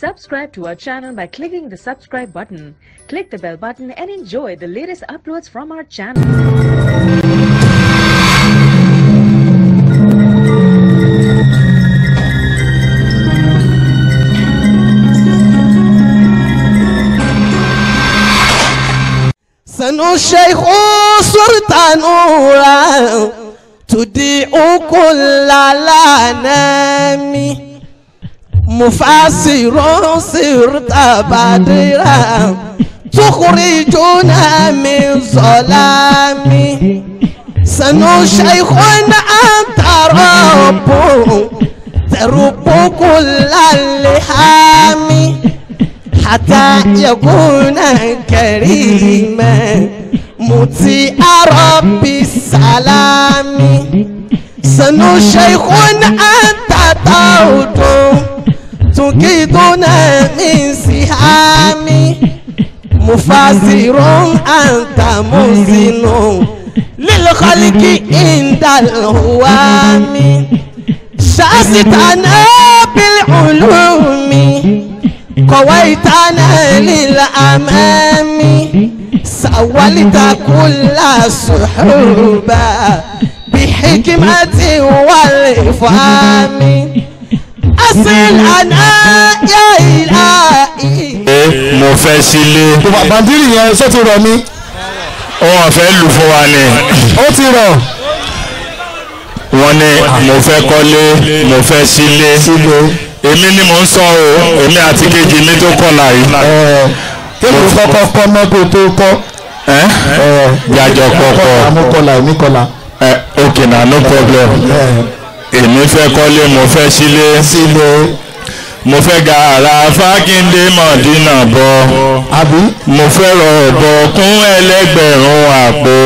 Subscribe to our channel by clicking the subscribe button. Click the bell button and enjoy the latest uploads from our channel. سنو الشيخ سلطان تضيء Kullala لانامي مفاسر سر تبادر تخرجنا من ظلامي سنو شيخنا أنت رب ترب كل اللحام حتى يكون كريما مطيع رب السلام سنو شيخنا أنت تعود tukiduna min sihami mufasirun anta musinu lilkhaliki indalhuwami shasitana bilulumi قويتنا للأمام سولت كل صحوبة بحكمة والإفهام asin àná yá ìlà yìí. mo fẹ́ sílé. bàbáńdírì yẹn ṣé ti rọ ni. wọn fẹ́ lù fún wa ni. ó ti rọ. wọ́n ní mo fẹ́ kọ́lé mo fẹ́ sílé. sílé. èmi ni mò ń sọ o èmi àti kejì mi tó kọ̀ láyé. kéèkì kọ́kọ́ kọ́ mọ́ kó tó kọ́. jàjọ kọ́kọ́. àmúkọ́lá èmi kọ́lá. ok na no problem. Yeah èmi fẹ́ kọ́lé mo fẹ́ sílé sílé mo fẹ́ ga ara fákíndé mọ̀dínà bọ̀ àbí mo fẹ́ rọ ọ̀bọ kún ẹlẹ́gbẹ̀rún àpò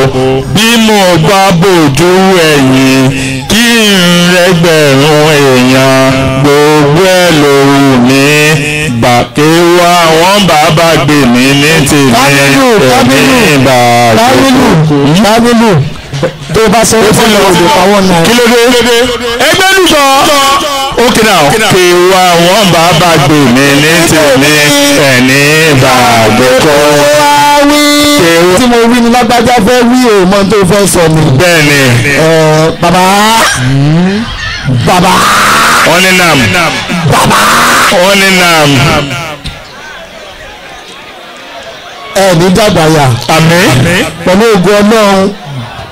bí mo bá bòjú ẹ̀yìn kí n rẹ́gbẹ̀rún èèyàn gbogbo ẹ̀ lòrù mi bàké wá wọn bàbá gbèmí ní tèmi èmi bàjẹ́. kábílù kábílù kábílù tó bá sọ fún mi òde pawọ́ náà. kí ló dé ẹgbẹ́ ló sọ ókè náà kí wa wọ́n bá bá gbè mí ní tèmi ẹni bàgbé kọ́. tí mo wí ni lágbájá fẹ́ wí o mọ tó fẹ́ sọ mi. bẹ́ẹ̀ni. bàbá bàbá. wọ́n nam. bàbá. wọ́n nam ẹ̀ẹ́dì dàgbà yà. àmín. pẹ̀lú ògùn ọlọ́run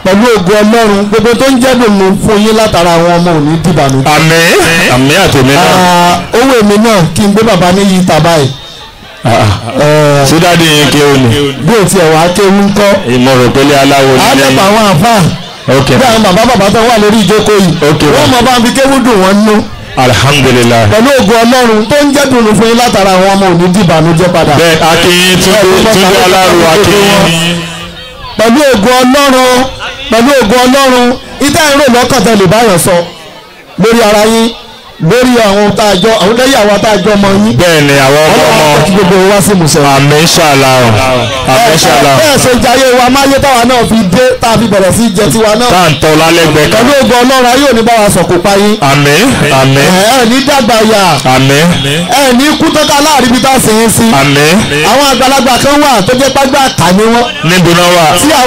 pẹ̀lú ògo ọlọ́run gbogbo tó ń jẹ́ dùnú fún yín látara àwọn ọmọ òní dìbànú. àmín àmín àtòmí náà. owó ah, èmi náà kí n gbé bàbá mi yí tàbá yìí. Ah, ah. eh, ṣé dáadé yẹn kéwù ni. bí o tiẹ̀ wá kéwù ń kọ́. ìmọ̀ràn pẹ̀lẹ́ aláwo ni lẹ́yìn. àdébà àwọn àfà. ok bí àwọn bàbá bàbá tó wà lórí ìjókòó yìí. ok wọ́n mọ̀ bá ń fi kéwù dùn wọ́n nú alhamdulilayi. pẹ̀lú ògùn ọlọ́run tó ń jẹ́ dùnú pẹ̀lú ògùn ọlọ́run pẹ̀lú ògùn ọlọ́run ìdá ìrò lọ́kàn tẹ lè báyọ̀ sọ lórí ara yín lórí àwọn tá a jọ àwọn lẹ́yìn àwọn tá a jọ mọ yín. bẹ́ẹ̀ni àwọn ọmọ ọmọ ọlọ́run ti gbogbo wa sí musẹ. àmín ṣàlà o àmín ṣàlà o. bẹ́ẹ̀ ṣe jayé wa máyé táwa náà fi dé tá a fi bẹ̀rẹ̀ sí jẹ tiwa náà. tá à ń tọ́ lálẹ́gbẹ̀ẹ́ kan. pẹ̀lú ògo ọlọ́run ayé òní bá wa sọ̀kò pa yín. àmín àmín. ẹ ẹ ní dàgbà yà. àmín. ẹ ní kú tọ́ka láàrin ibi tá a sì ń sí. àmín. àwọn àgbàlagbà kan wà tó jẹ́ pàgbà àkà ni wọ́n. níbo náà wà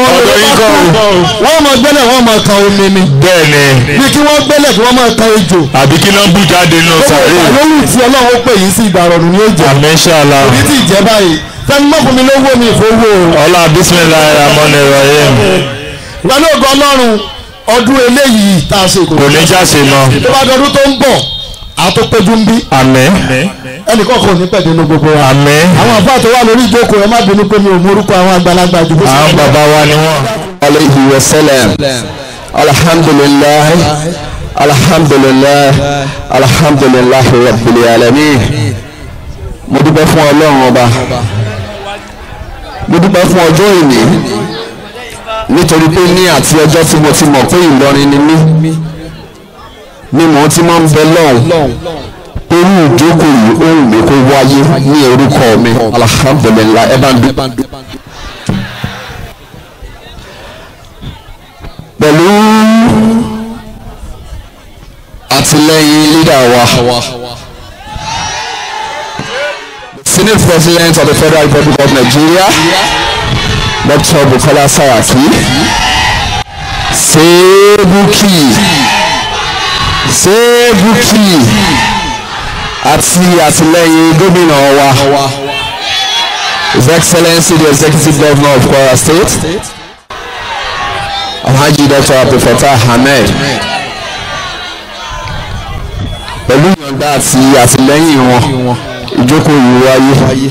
ọ̀dọ̀ yìí kọ́ o. wọ́n mọ gbẹ́lẹ̀ wọ́n mọ kan omi ni. bẹ́ẹ̀ni. bí kí wọ́n gbẹ́lẹ̀ kí wọ́n mọ kan ejò. àbí kí náà bú jáde nínú sàárè. gbogbo ìgbàlówù tí ọlọ́run pè yín sí ìgbàrọ̀rùn ni ó jẹ́. àmì ṣe àlà. òbí ti jẹ́ báyìí fẹ́mi mọ́kùn mi lówó mi ìfowó. ọlá bisimilayi ramoni rahim. ìwádìí ògo ọlọ́run ọdún eléyìí tá a ṣe kò ní jáse mọ́. tó bá dọdún tó ń bọ̀ àtúpẹ́jú ń bí. àmín. ẹnìkan kò ní pẹ̀lú gbogbo wa. àmín. àwọn àbá tó lórí ìjókòó ẹ má bínú pé mi ò morúkọ àwọn àgbàlagbà jù àwọn bàbá wa ni wọn. aleyhi wa sallam alhamdulilayi alhamdulilayi alhamdulilayi rabbil alamin mo dúpẹ́ fún ọlọ́run ọba mo dúpẹ́ fún ọjọ́ ìní nítorí pé ní àti ọjọ́ tí mo ti ni mí ni mò ń ti máa ń bẹ lọ́hùn irú ìjókòó yìí ó wù mí kó wáyé ní orúkọ mi alhamdulilayi ẹ bá ń dúpẹ́. àtìlẹ́yìn leader wa. Senate President of the Federal Republic of Nigeria, Dr. Bukola Saraki, Sebuki, Sebuki, àti àtìlẹ́yìn gómìnà wa, His Excellency the Executive Governor of Kwara State, Alhaji Dr. Abdulfatah Ahmed. Ahmed pẹ̀lú ìyọ̀ǹda àti àtìlẹ́yìn wọn ìjókòó yìí wáyé.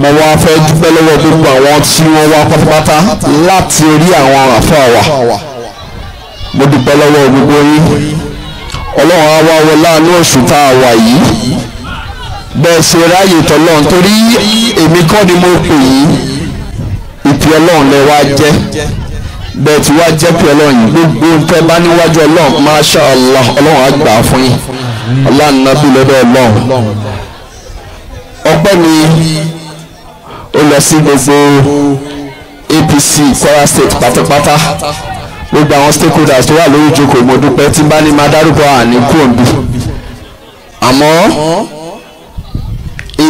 mo wá fẹ́ dúpẹ́ lọ́wọ́ gbogbo àwọn tí wọ́n wá pátápátá láti orí àwọn àfáà wa mo dúpẹ́ lọ́wọ́ gbogbo yín ọlọ́run á wá wọ láàánú oṣù tá a wà yìí bẹ́ẹ̀ ṣe ráàyè tọ́lọ́run torí èmi kọ́ ni mo pè yín ìpè ọlọ́run lẹ wá jẹ́ bẹ́ẹ̀ tí wàá jẹ́ pé ọlọ́run gbogbo nǹkan bá níwájú ọlọ́run masha allah ọlọ́run á gbà fún yín ọlọ́run náà bí lọ́dọ̀ ọlọ́run ọgbẹ́ mi ó lọ sí gbogbo apc kwara state pátápátá gbogbo àwọn stakeholders tó wà lórí ìjókòó mo dúpẹ́ tí bá ní máa dárúkọ àní kúròǹbì àmọ́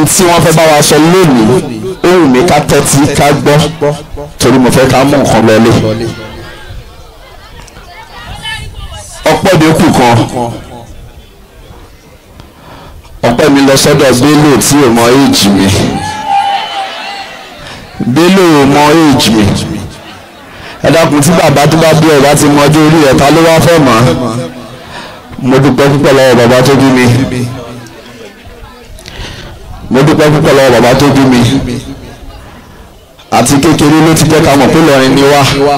n tí wọ́n bá wa sọ lónìí ó wù mí ká tẹ́tí ká gbọ́ torí mo fẹ́ ká mú nǹkan lọlé ọpẹ́ mi kù kan ọpẹ́ mi lọ sọ́dọ̀ Bello tí ò mọ èjì mi Bello ò mọ èjì mi ẹ dákun tí bàbá tó bá bí ẹ bá ti mọjú orí ẹ ta ló wá fẹ́ mọ́ mo dúpẹ́ púpọ̀ lọ́wọ́ bàbá tó bí mi mo dúpẹ́ púpọ̀ lọ́wọ́ bàbá tó bí mi àti kékeré ló ti jẹ́ ká mọ̀ pé lọ́rin ni wá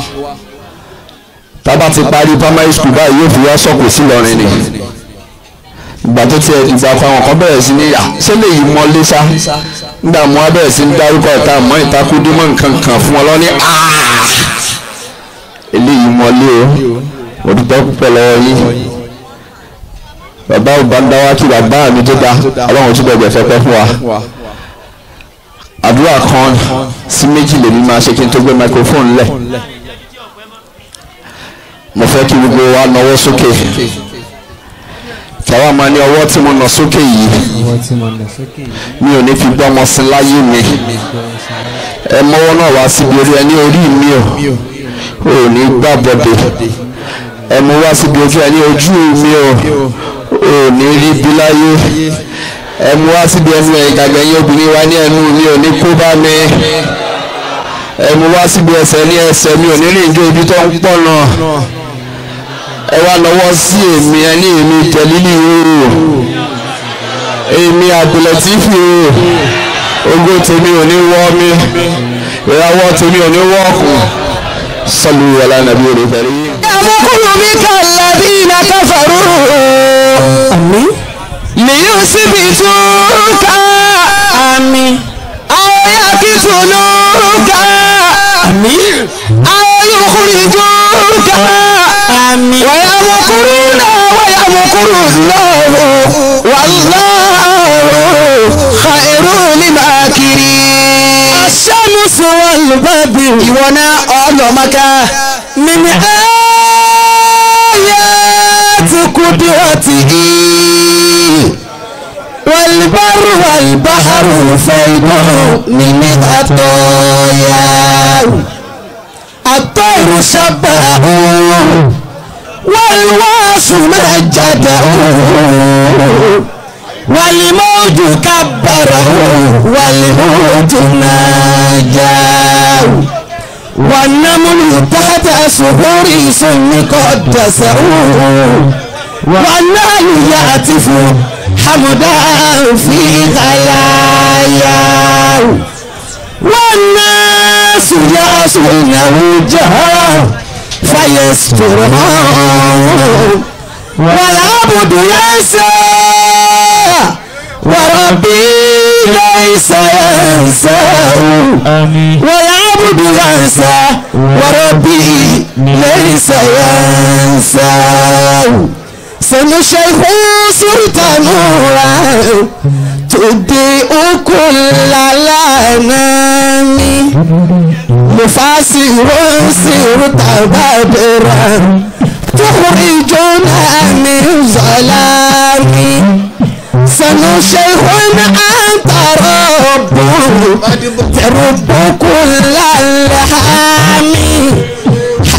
tábà ti parí primary school báyìí yóò fi wá sọ̀kò sí lọ́rin ni ìgbà tó tiẹ̀ ìgbà fáwọn kan bẹ̀rẹ̀ sí ní yà ṣé lè yí mọ lé sá nígbà mo abẹ́rẹ́ sí ní dárúkọ ìta mọ́ ìtakúdé mọ́ nǹkan kan fún ọ lọ́ní eléyìí mọ lé o òdùpẹ́ púpọ̀ lọ́wọ́ yìí bàbá ò bá ń dá wá kí bàbá mi tó da ọlọ́run túbọ̀ gbẹ̀fẹ́ pẹ́ fún wa àdúrà kan sí méjì lèmi máa ṣe kí n tó gbé microphone lẹ̀ mo fẹ́ kí gbogbo wa nawọ́ sókè tàwa máa ní ọwọ́ tí mo nà sókè yìí mi ò ní fi gbọ́ ọmọ sí láyé mi ẹ mọ́wọ́ náà wá síbi orí ẹni orí mi ò ò ní gbà bọ̀dẹ̀ ẹ mọ́ síbi ojú ẹni ojú mi ò ò ní rí bí láyé ẹ mú wá síbi ẹnu ẹ̀ gàgẹ́ yín obìnrin wa ní ẹnu mi ò ní kó bá mi ẹ mú wá síbi ẹsẹ̀ ní ẹsẹ̀ mi ò ní rìn jó ibi tó ń pọ̀ náà ẹ wá lọ́wọ́ sí èmi ẹ ní èmi tẹ̀lílì ooo èmi àbùlẹ̀tìfì ooo ogún tèmi ò ní wọ́ mi ìràwọ̀ tèmi ò ní wọ́ kù sọlù wàlá nàbí olùkẹ́rì. àmúkúrò mi kà lẹ́bí iná kẹfà rúrù lèyí sì bí tún ká àmì àyà kí tún ká àmì àyà kúrì tún ká àmì wàyà mọ̀kúrú náà wàyà mọ̀kúrú lọ́wọ́ wàlláhù khairu limakiri. aṣáàmùsùn wal badr ìwọ náà ọ̀ lọ́mọ́ká mímí ẹ́. والبر والبحر فيض من الطيار الطير سباه والواس مجده والموج كبره والموج ناجاه والنمل تحت سهور سن قد تسعوه والنعل يعتفه حمدا في غلايا والناس يصونه وجهه فيسترها والعبد ينسى وربي ليس ينساه والعبد ينسى وربي ليس ينساه أحسن شيخ صرت نورا تضيء كل الأنام مفسر صرت بدرا تخرجنا من ظلام سن شيخ أنت رب ترب كل الحامي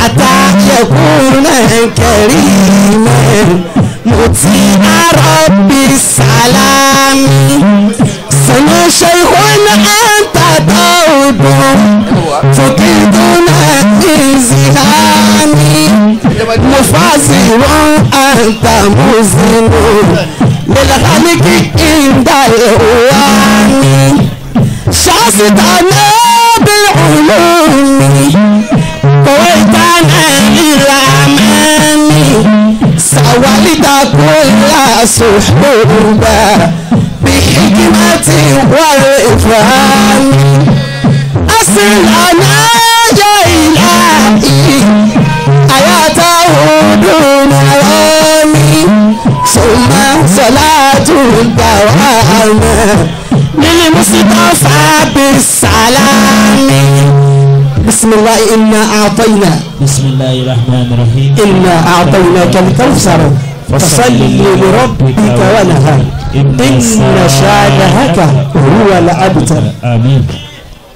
Ata ṣẹkùnrin kẹrí mẹ mo ti salami. sàlámì sọnà ṣẹkùn àǹtàtà odò fòkìdúnà ìzìlámì mo fàásì wọn àǹtà mùsùlùmí lẹ́lẹ́kàlí kí n ìwà mi ṣáàsì tà náà bí olómi. Koitana ilamani Sawalida kula suhuba Bihikimati warifani Asilana ya ilahi Ayata huduna wami Suma salatu dawama Lili Mustafa bisalami بسم الله إنا أعطينا بسم الله الرحمن الرحيم إنا أعطيناك الكوثر فصل لربك ونهر إن شانهك هو الأبتر آمين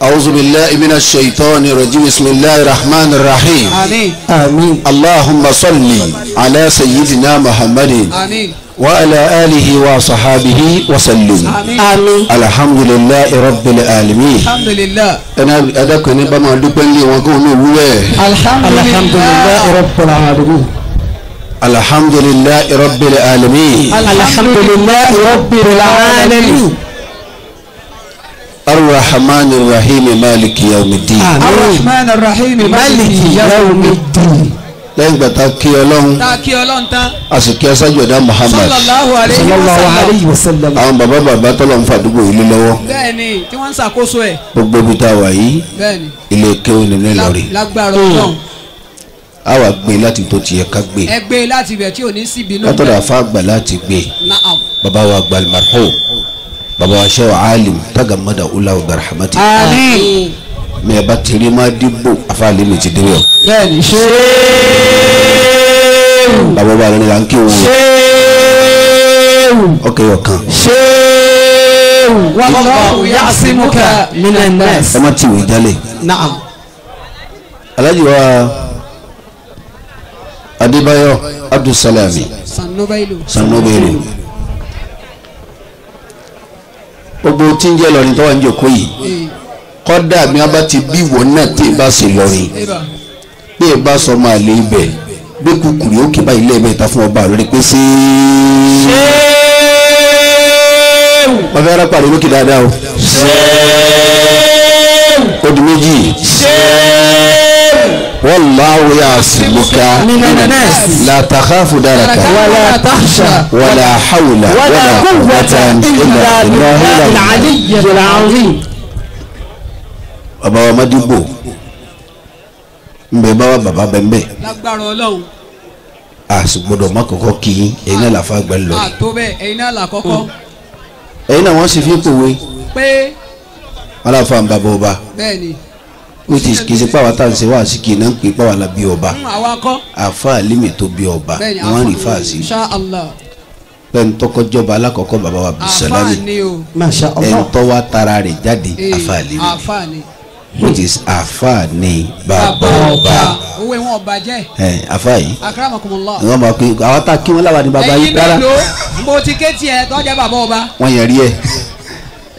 أعوذ بالله من الشيطان الرجيم بسم الله الرحمن الرحيم آمين آمين اللهم صل على سيدنا محمد آمين وعلى آله وصحابه وسلم آمين الحمد لله رب العالمين الحمد لله أنا بما الحمد لله رب العالمين الحمد لله رب العالمين الحمد لله رب العالمين الرحمن الرحيم مالك يوم الدين الرحمن الرحيم مالك يوم الدين lẹ́yìn ìgbà tá a kí ọlọ́run tá a kí ọlọ́run tán a sì kí aṣáájú ẹ̀dá Muhammad sallallahu alayhi wa sallam àwọn bàbá bàbá tọ́lọ̀ ń fàdúgbò yìí lọ́wọ́ bẹ́ẹ̀ni tí wọ́n ń ṣàkóso ẹ̀ gbogbo ibi tá a wà yìí bẹ́ẹ̀ni ilé kéwù ní Ìlọrin a wà gbé láti tó tiẹ̀ ká gbé látọ̀dọ̀ àfa àgbà láti gbé bàbá wa àgbà bàbá wa Sheikh Alim tagamada ulaw barahmati mẹ bá tẹ̀lé má dìbò afáàlì mi ti dẹ́yọ̀. bẹ́ẹ̀ni ṣéèwù. làwọn bá lọ́nà láńkì wọn. ṣéèwù. ọkẹ́ ọ̀kan. ṣéèwù. wallahu ya'simuka minan nas. ẹ má tì wọ́n jálẹ̀. naam. alhaji wa adébáyọ̀ abdulsalami sanubailu sanubailu gbogbo tí ń jẹ́ lọ́ni tó wà ń jòkó yìí. Eh kọ́dà bí wọ́n bá ti bí ìwọ náà tí ì bá ṣe lọ́rin bí ì bá sọ máa lé ibẹ̀ bí kúkúrú ó kí bá ilé ẹ̀mẹ́ta fún ọba lórí pé ṣé. ọbẹ̀ ara pàrọ̀ olókè dáadáa o. ó di méjì. والله يعصمك من الناس لا تخاف دارك ولا تخشى ولا حول ولا قوة إلا بالله العلي العظيم bàbá wa madibo nbẹ baba bàbá bẹ nbẹ. lágbára Ọlọ́run. a sì gbọ́dọ̀ má kọ́kọ́ kí ẹ̀yin náà làfa gbẹ lọ. àtó bẹ́ẹ̀ ẹ̀yin náà làkọ́kọ́. ẹ̀yin náà wọ́n sì fi kòwe. pé. aláfa ń o ti kì í ṣe se tá à ń ṣe wá sí kì í náà ń pè pàwọn la bí ọba. àwa kọ́. àfa àlímì tó bí ọba. bẹ́ẹ̀ni àwọn rí fàásì. inshallah pẹ̀ntọ́kọ́ jọba alákọ̀ọ́kọ́ bàbá wa bisalami ẹ̀ńtọ́ tara rẹ̀ jáde àfààní. àfààní which is afa ni Baba? ọba. owó ìwọ̀n ọba jẹ́. ẹ afa yìí. akaramakumula. wọ́n máa pe àwọn tá a kí wọn láwa ní bàbá yìí rárá. ẹyin mélòó mo ti ké tiẹ̀ tó jẹ́ bàbá ọba. wọ́n yẹn rí ẹ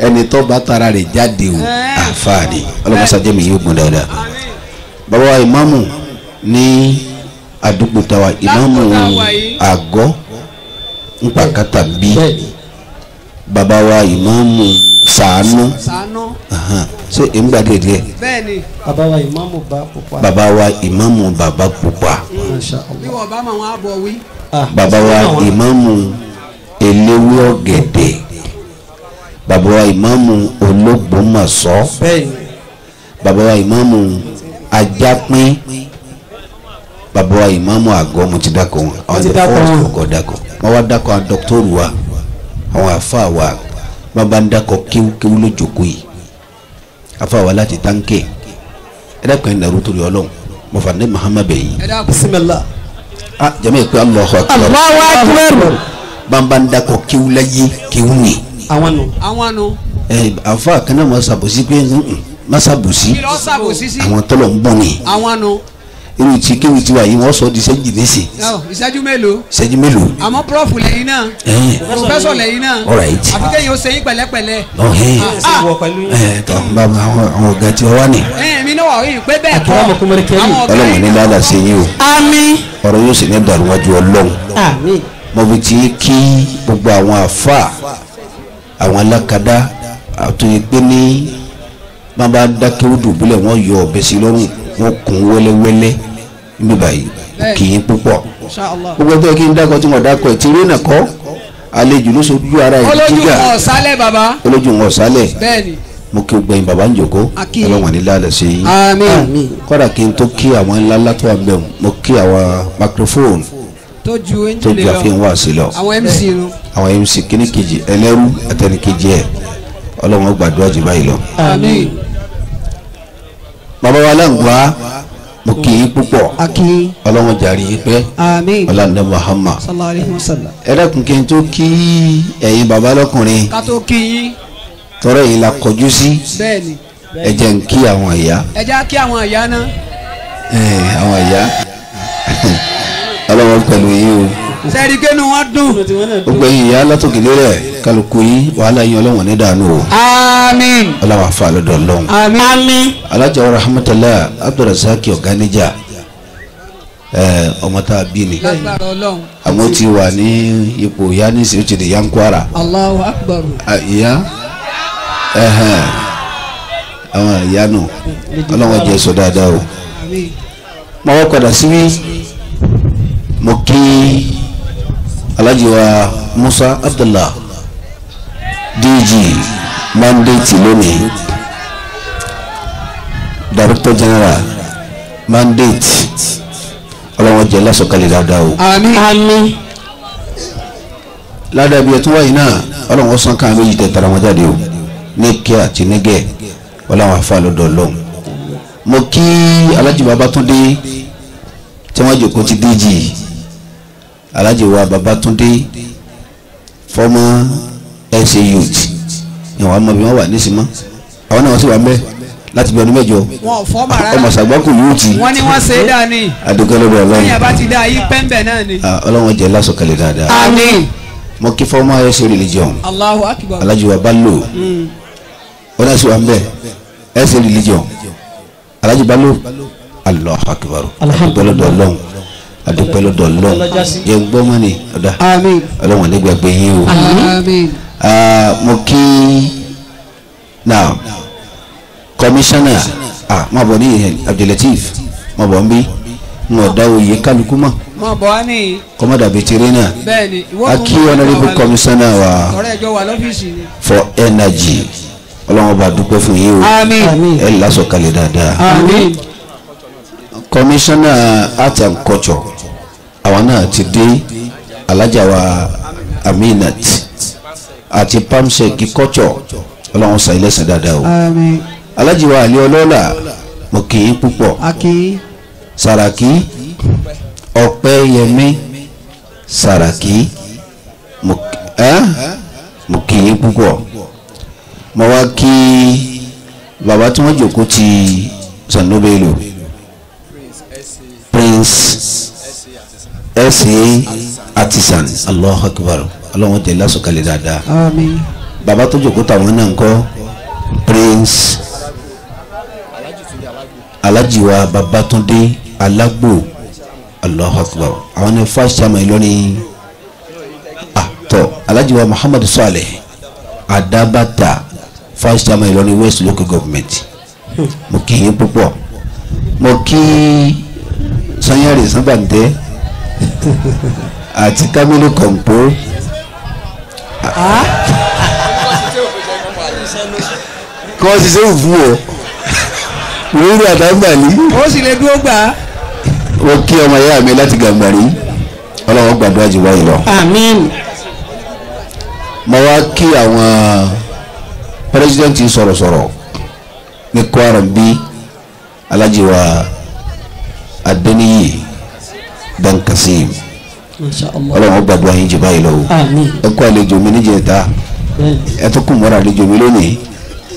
ẹni tó bá tara rẹ̀ jáde o afa ni ọlọ́mọṣá jẹ́mi yóò gbọ́n dáadáa. bàbá wa ìmáàmù ní àdúgbò tàwa ìmáàmù àgọ́ ńpàkátà bíi bàbá wa ìmáàmù sàánú. sàánú ṣé èmi gbà díẹ̀ díẹ̀. bẹ́ẹ̀ni. bàbá wa ìmáàmù bá pupa. bàbá wa ìmáàmù bàbá pupa. bí wọn bá máa wọn á bọ wí. Ah, bàbá wa ìmáàmù eléwé ọ̀gẹ̀dẹ̀ bàbá wa imamu ológbòmọ̀ṣọ́ bàbá wa ìmáàmù ajápín bàbá wa ìmáàmù àgọ́ mo ti dákọ̀ wọn àwọn ti dákọ̀ wọn ọkọ̀ dákọ̀ wọn wá dákọ̀ àwọn dọ́kítọ́rù wa àwọn àfa wa bàbá ń dákọ̀ kíwúkíwú lójókòó yìí afáwa láti táǹkì ẹ dákun ẹ̀ nàró torí ọlọ́run mo fà ní muhammad bẹ̀yìn bisimilá ah jama ìpè alahu akbar alahu akbar bàbá ń dakọ̀ Awanu. láyé Afa ni. àwọn nu. àwọn nu. ẹ àfa kaná ma sàbòsí pé ma sàbòsí irú tí kéwì tiwa yìí wọ́n sọ di sẹ́jú mése. ìṣẹ́jú mélòó. ìṣẹ́jú mélòó. àmọ́ prof lẹ́yìn náà. professor lẹ́yìn náà. alright. àfikẹ́ yìí ó sẹ́yìn pẹ̀lẹ́pẹ̀lẹ́. ọ̀hìn ah, ah. ẹ̀ tọ́ bàbá àwọn ọ̀gá tí wọ́n wà ní. mi náà wà yìí pé bẹ́ẹ̀ kọ́ àwọn ọ̀gá yìí. ọlọ́run ní lálà sí yín o. àmín. ọ̀rọ̀ yóò sì ní dàrúwájú ọlọ́run. àmín. mo fi ti kí gbogbo àwọn àfa àwọn alákadá àtúnyẹ̀gbẹ́ ní bàbá dákẹ́wọ́dù bílẹ̀ wọ́n wọn kún wẹ́lẹ́wẹ́lẹ́ níbi báyìí kì í púpọ̀ gbogbo ẹgbẹ́ kí n dákọ̀ tí wọ́n dákọ̀ ẹ̀ tí rí nà kọ́ àlejò ló sojú ara yìí jíjà olójú wọn ọ̀sálẹ̀ baba mo kí o gbẹ̀yìn baba ń jòkó ọlọ́wọ̀n ní lálẹ́ sí i àmín ah, kọ́dà kí n tó kí àwọn ńlá ńlá tó wà bẹ́ẹ̀ mo kí àwọn microphone tó ju àfihàn wá sí lọ àwọn mc nu àwọn mc kíní kejì ẹlẹ́rú àtẹnikejì ẹ̀ ọlọ́wọ̀n gbàdúrà jù báyìí lọ bàbá wa láǹgbá mo kì í púpọ̀ ọlọ́run jàre yìí pẹ́ ọlọ́run Muhammad ẹ dákun kí n tó kí ẹ̀yin bàbá lọ́kùnrin tọrọ yìí la kọjú sí ẹ jẹ́ n kí àwọn ìyá. ẹ àwọn ìyá ọlọ́run pẹ̀lú yín o sẹ́ẹ̀rì kẹ́nu wọn dùn. ó gbẹ̀yìn ìyá látòkèlè rẹ̀ kálukú yín wàhálà yín ọlọ́wọ̀n ní dànù o. àmín. ọlọ́wọ̀n afa lọ́dọ̀ ọlọ́run. àmín. alájà wa rahmatulah abdulrasaki ọ̀gánijà ọmọ tá a bí ni. àwọn ti wà ní ipò ìyá nísìnyí ó ti di yankwara. Allahu akbar. ìyá àwọn ìyá nù ọlọ́wọ́n jẹ́ sọ dáadáa o. mo wọ́n padà síbí mo kí alhaji musa abdullah dg mandate lónìí director general mandate ọlọ́wọ́n jẹ́ lásọ̀kalẹ̀ dáadáa o. àmín àmín. ládàá ibi ẹ̀tún wáyé náà ọlọ́wọ́n sàn káà méjì tẹ̀ tara wọn jáde o ní kíá àti nígẹ̀ ọlọ́wọ́n afa lọ́dọ̀ ọlọ́run. mo kí alhaji babatunde tí wọ́n jòkó ti dg alhaji wa babatunde former sa youth ìwọ̀n àwọn ọmọbìnrin wà nísìmọ́ àwọn náà wọ́n sì wà ń bẹ́ láti bí ọdún mẹ́jọ ọmọ sàgbákò youth wọ́n ní wọ́n ṣe é dáa ni adúgbòlógbò ọlọ́run ní abá ti dá yí pẹ́ńbẹ̀ náà ni. Ah, ọlọ́run jẹ́ lásọ̀kalẹ̀ dáadáa. àmín. mo kí former sa religion alhaji wa balo wọ́n mm. náà sì wà ń bẹ́ sa religion alhaji balo Allahu alahu adúgbòlógbò ọlọ́run adúpẹ́ lọ́dọ̀ lọ yẹn gbọ́ mọ́ ni ọ̀dà ọlọ́wọ̀n ní gbàgbé yín o mo kí now commissioner ah má bọ̀ ní ìhẹn Abdulateef má bọ̀ ń bí n ò dá oyè kálukú mọ bọ wá ní. kọmọdà veterina aki honourable commissioner wa for energy ọlọ́wọ́n bá dúpẹ́ fún yín o ẹ lásọ̀kalẹ̀ dáadáa kọmíṣánná art and culture àwọn náà ti dé alájàwá aminat àti pamsec culture ọlọ́run sàn ilé sàn dáadáa o alájàwá àlẹ́ ọlọ́lá mo kì í púpọ̀ sàràkí ọ̀pẹ́ yẹmí sàràkí mo kì í púpọ̀ mo wá kí bàbá tí wọ́n jòkó ti Sanno Science sa artisan Allahu Akbar ọlọ́run tẹ̀ lásọ̀kalẹ̀ dáadáa àmín bàbá tó jòkó táwọn náà ń kọ́ Prince alájiwa Babátúndé Alágbò Allahu Akbar àwọn ní first chairman Ìlọrin àtọ alájiwa Muhammad Saleh Adabata first chairman Ìlọrin West local government mo kì í púpọ̀ mo kì í sanyari sanbante àti kamilu kọ̀ǹpó. kí wọ́n ṣiṣẹ́ òfu o lórí àdámbàlí. ó sì lè dúró gbà. ó kí ọmọ ìyá mi láti gàǹgbàrí ọlọ́wọ́ gbàdúrà jù wáyé lọ. àmín. mo wá kí àwọn pírẹsidẹ́ǹtì sọ̀rọ̀sọ̀rọ̀ ní kwara bíi alájí wa adéníyì dankasim ọlọ́run gbàdúrà yín jù báyìí lọ o ẹ kó àlejò mi níjẹta ẹ tó kún mọ́ra àlejò mi lónìí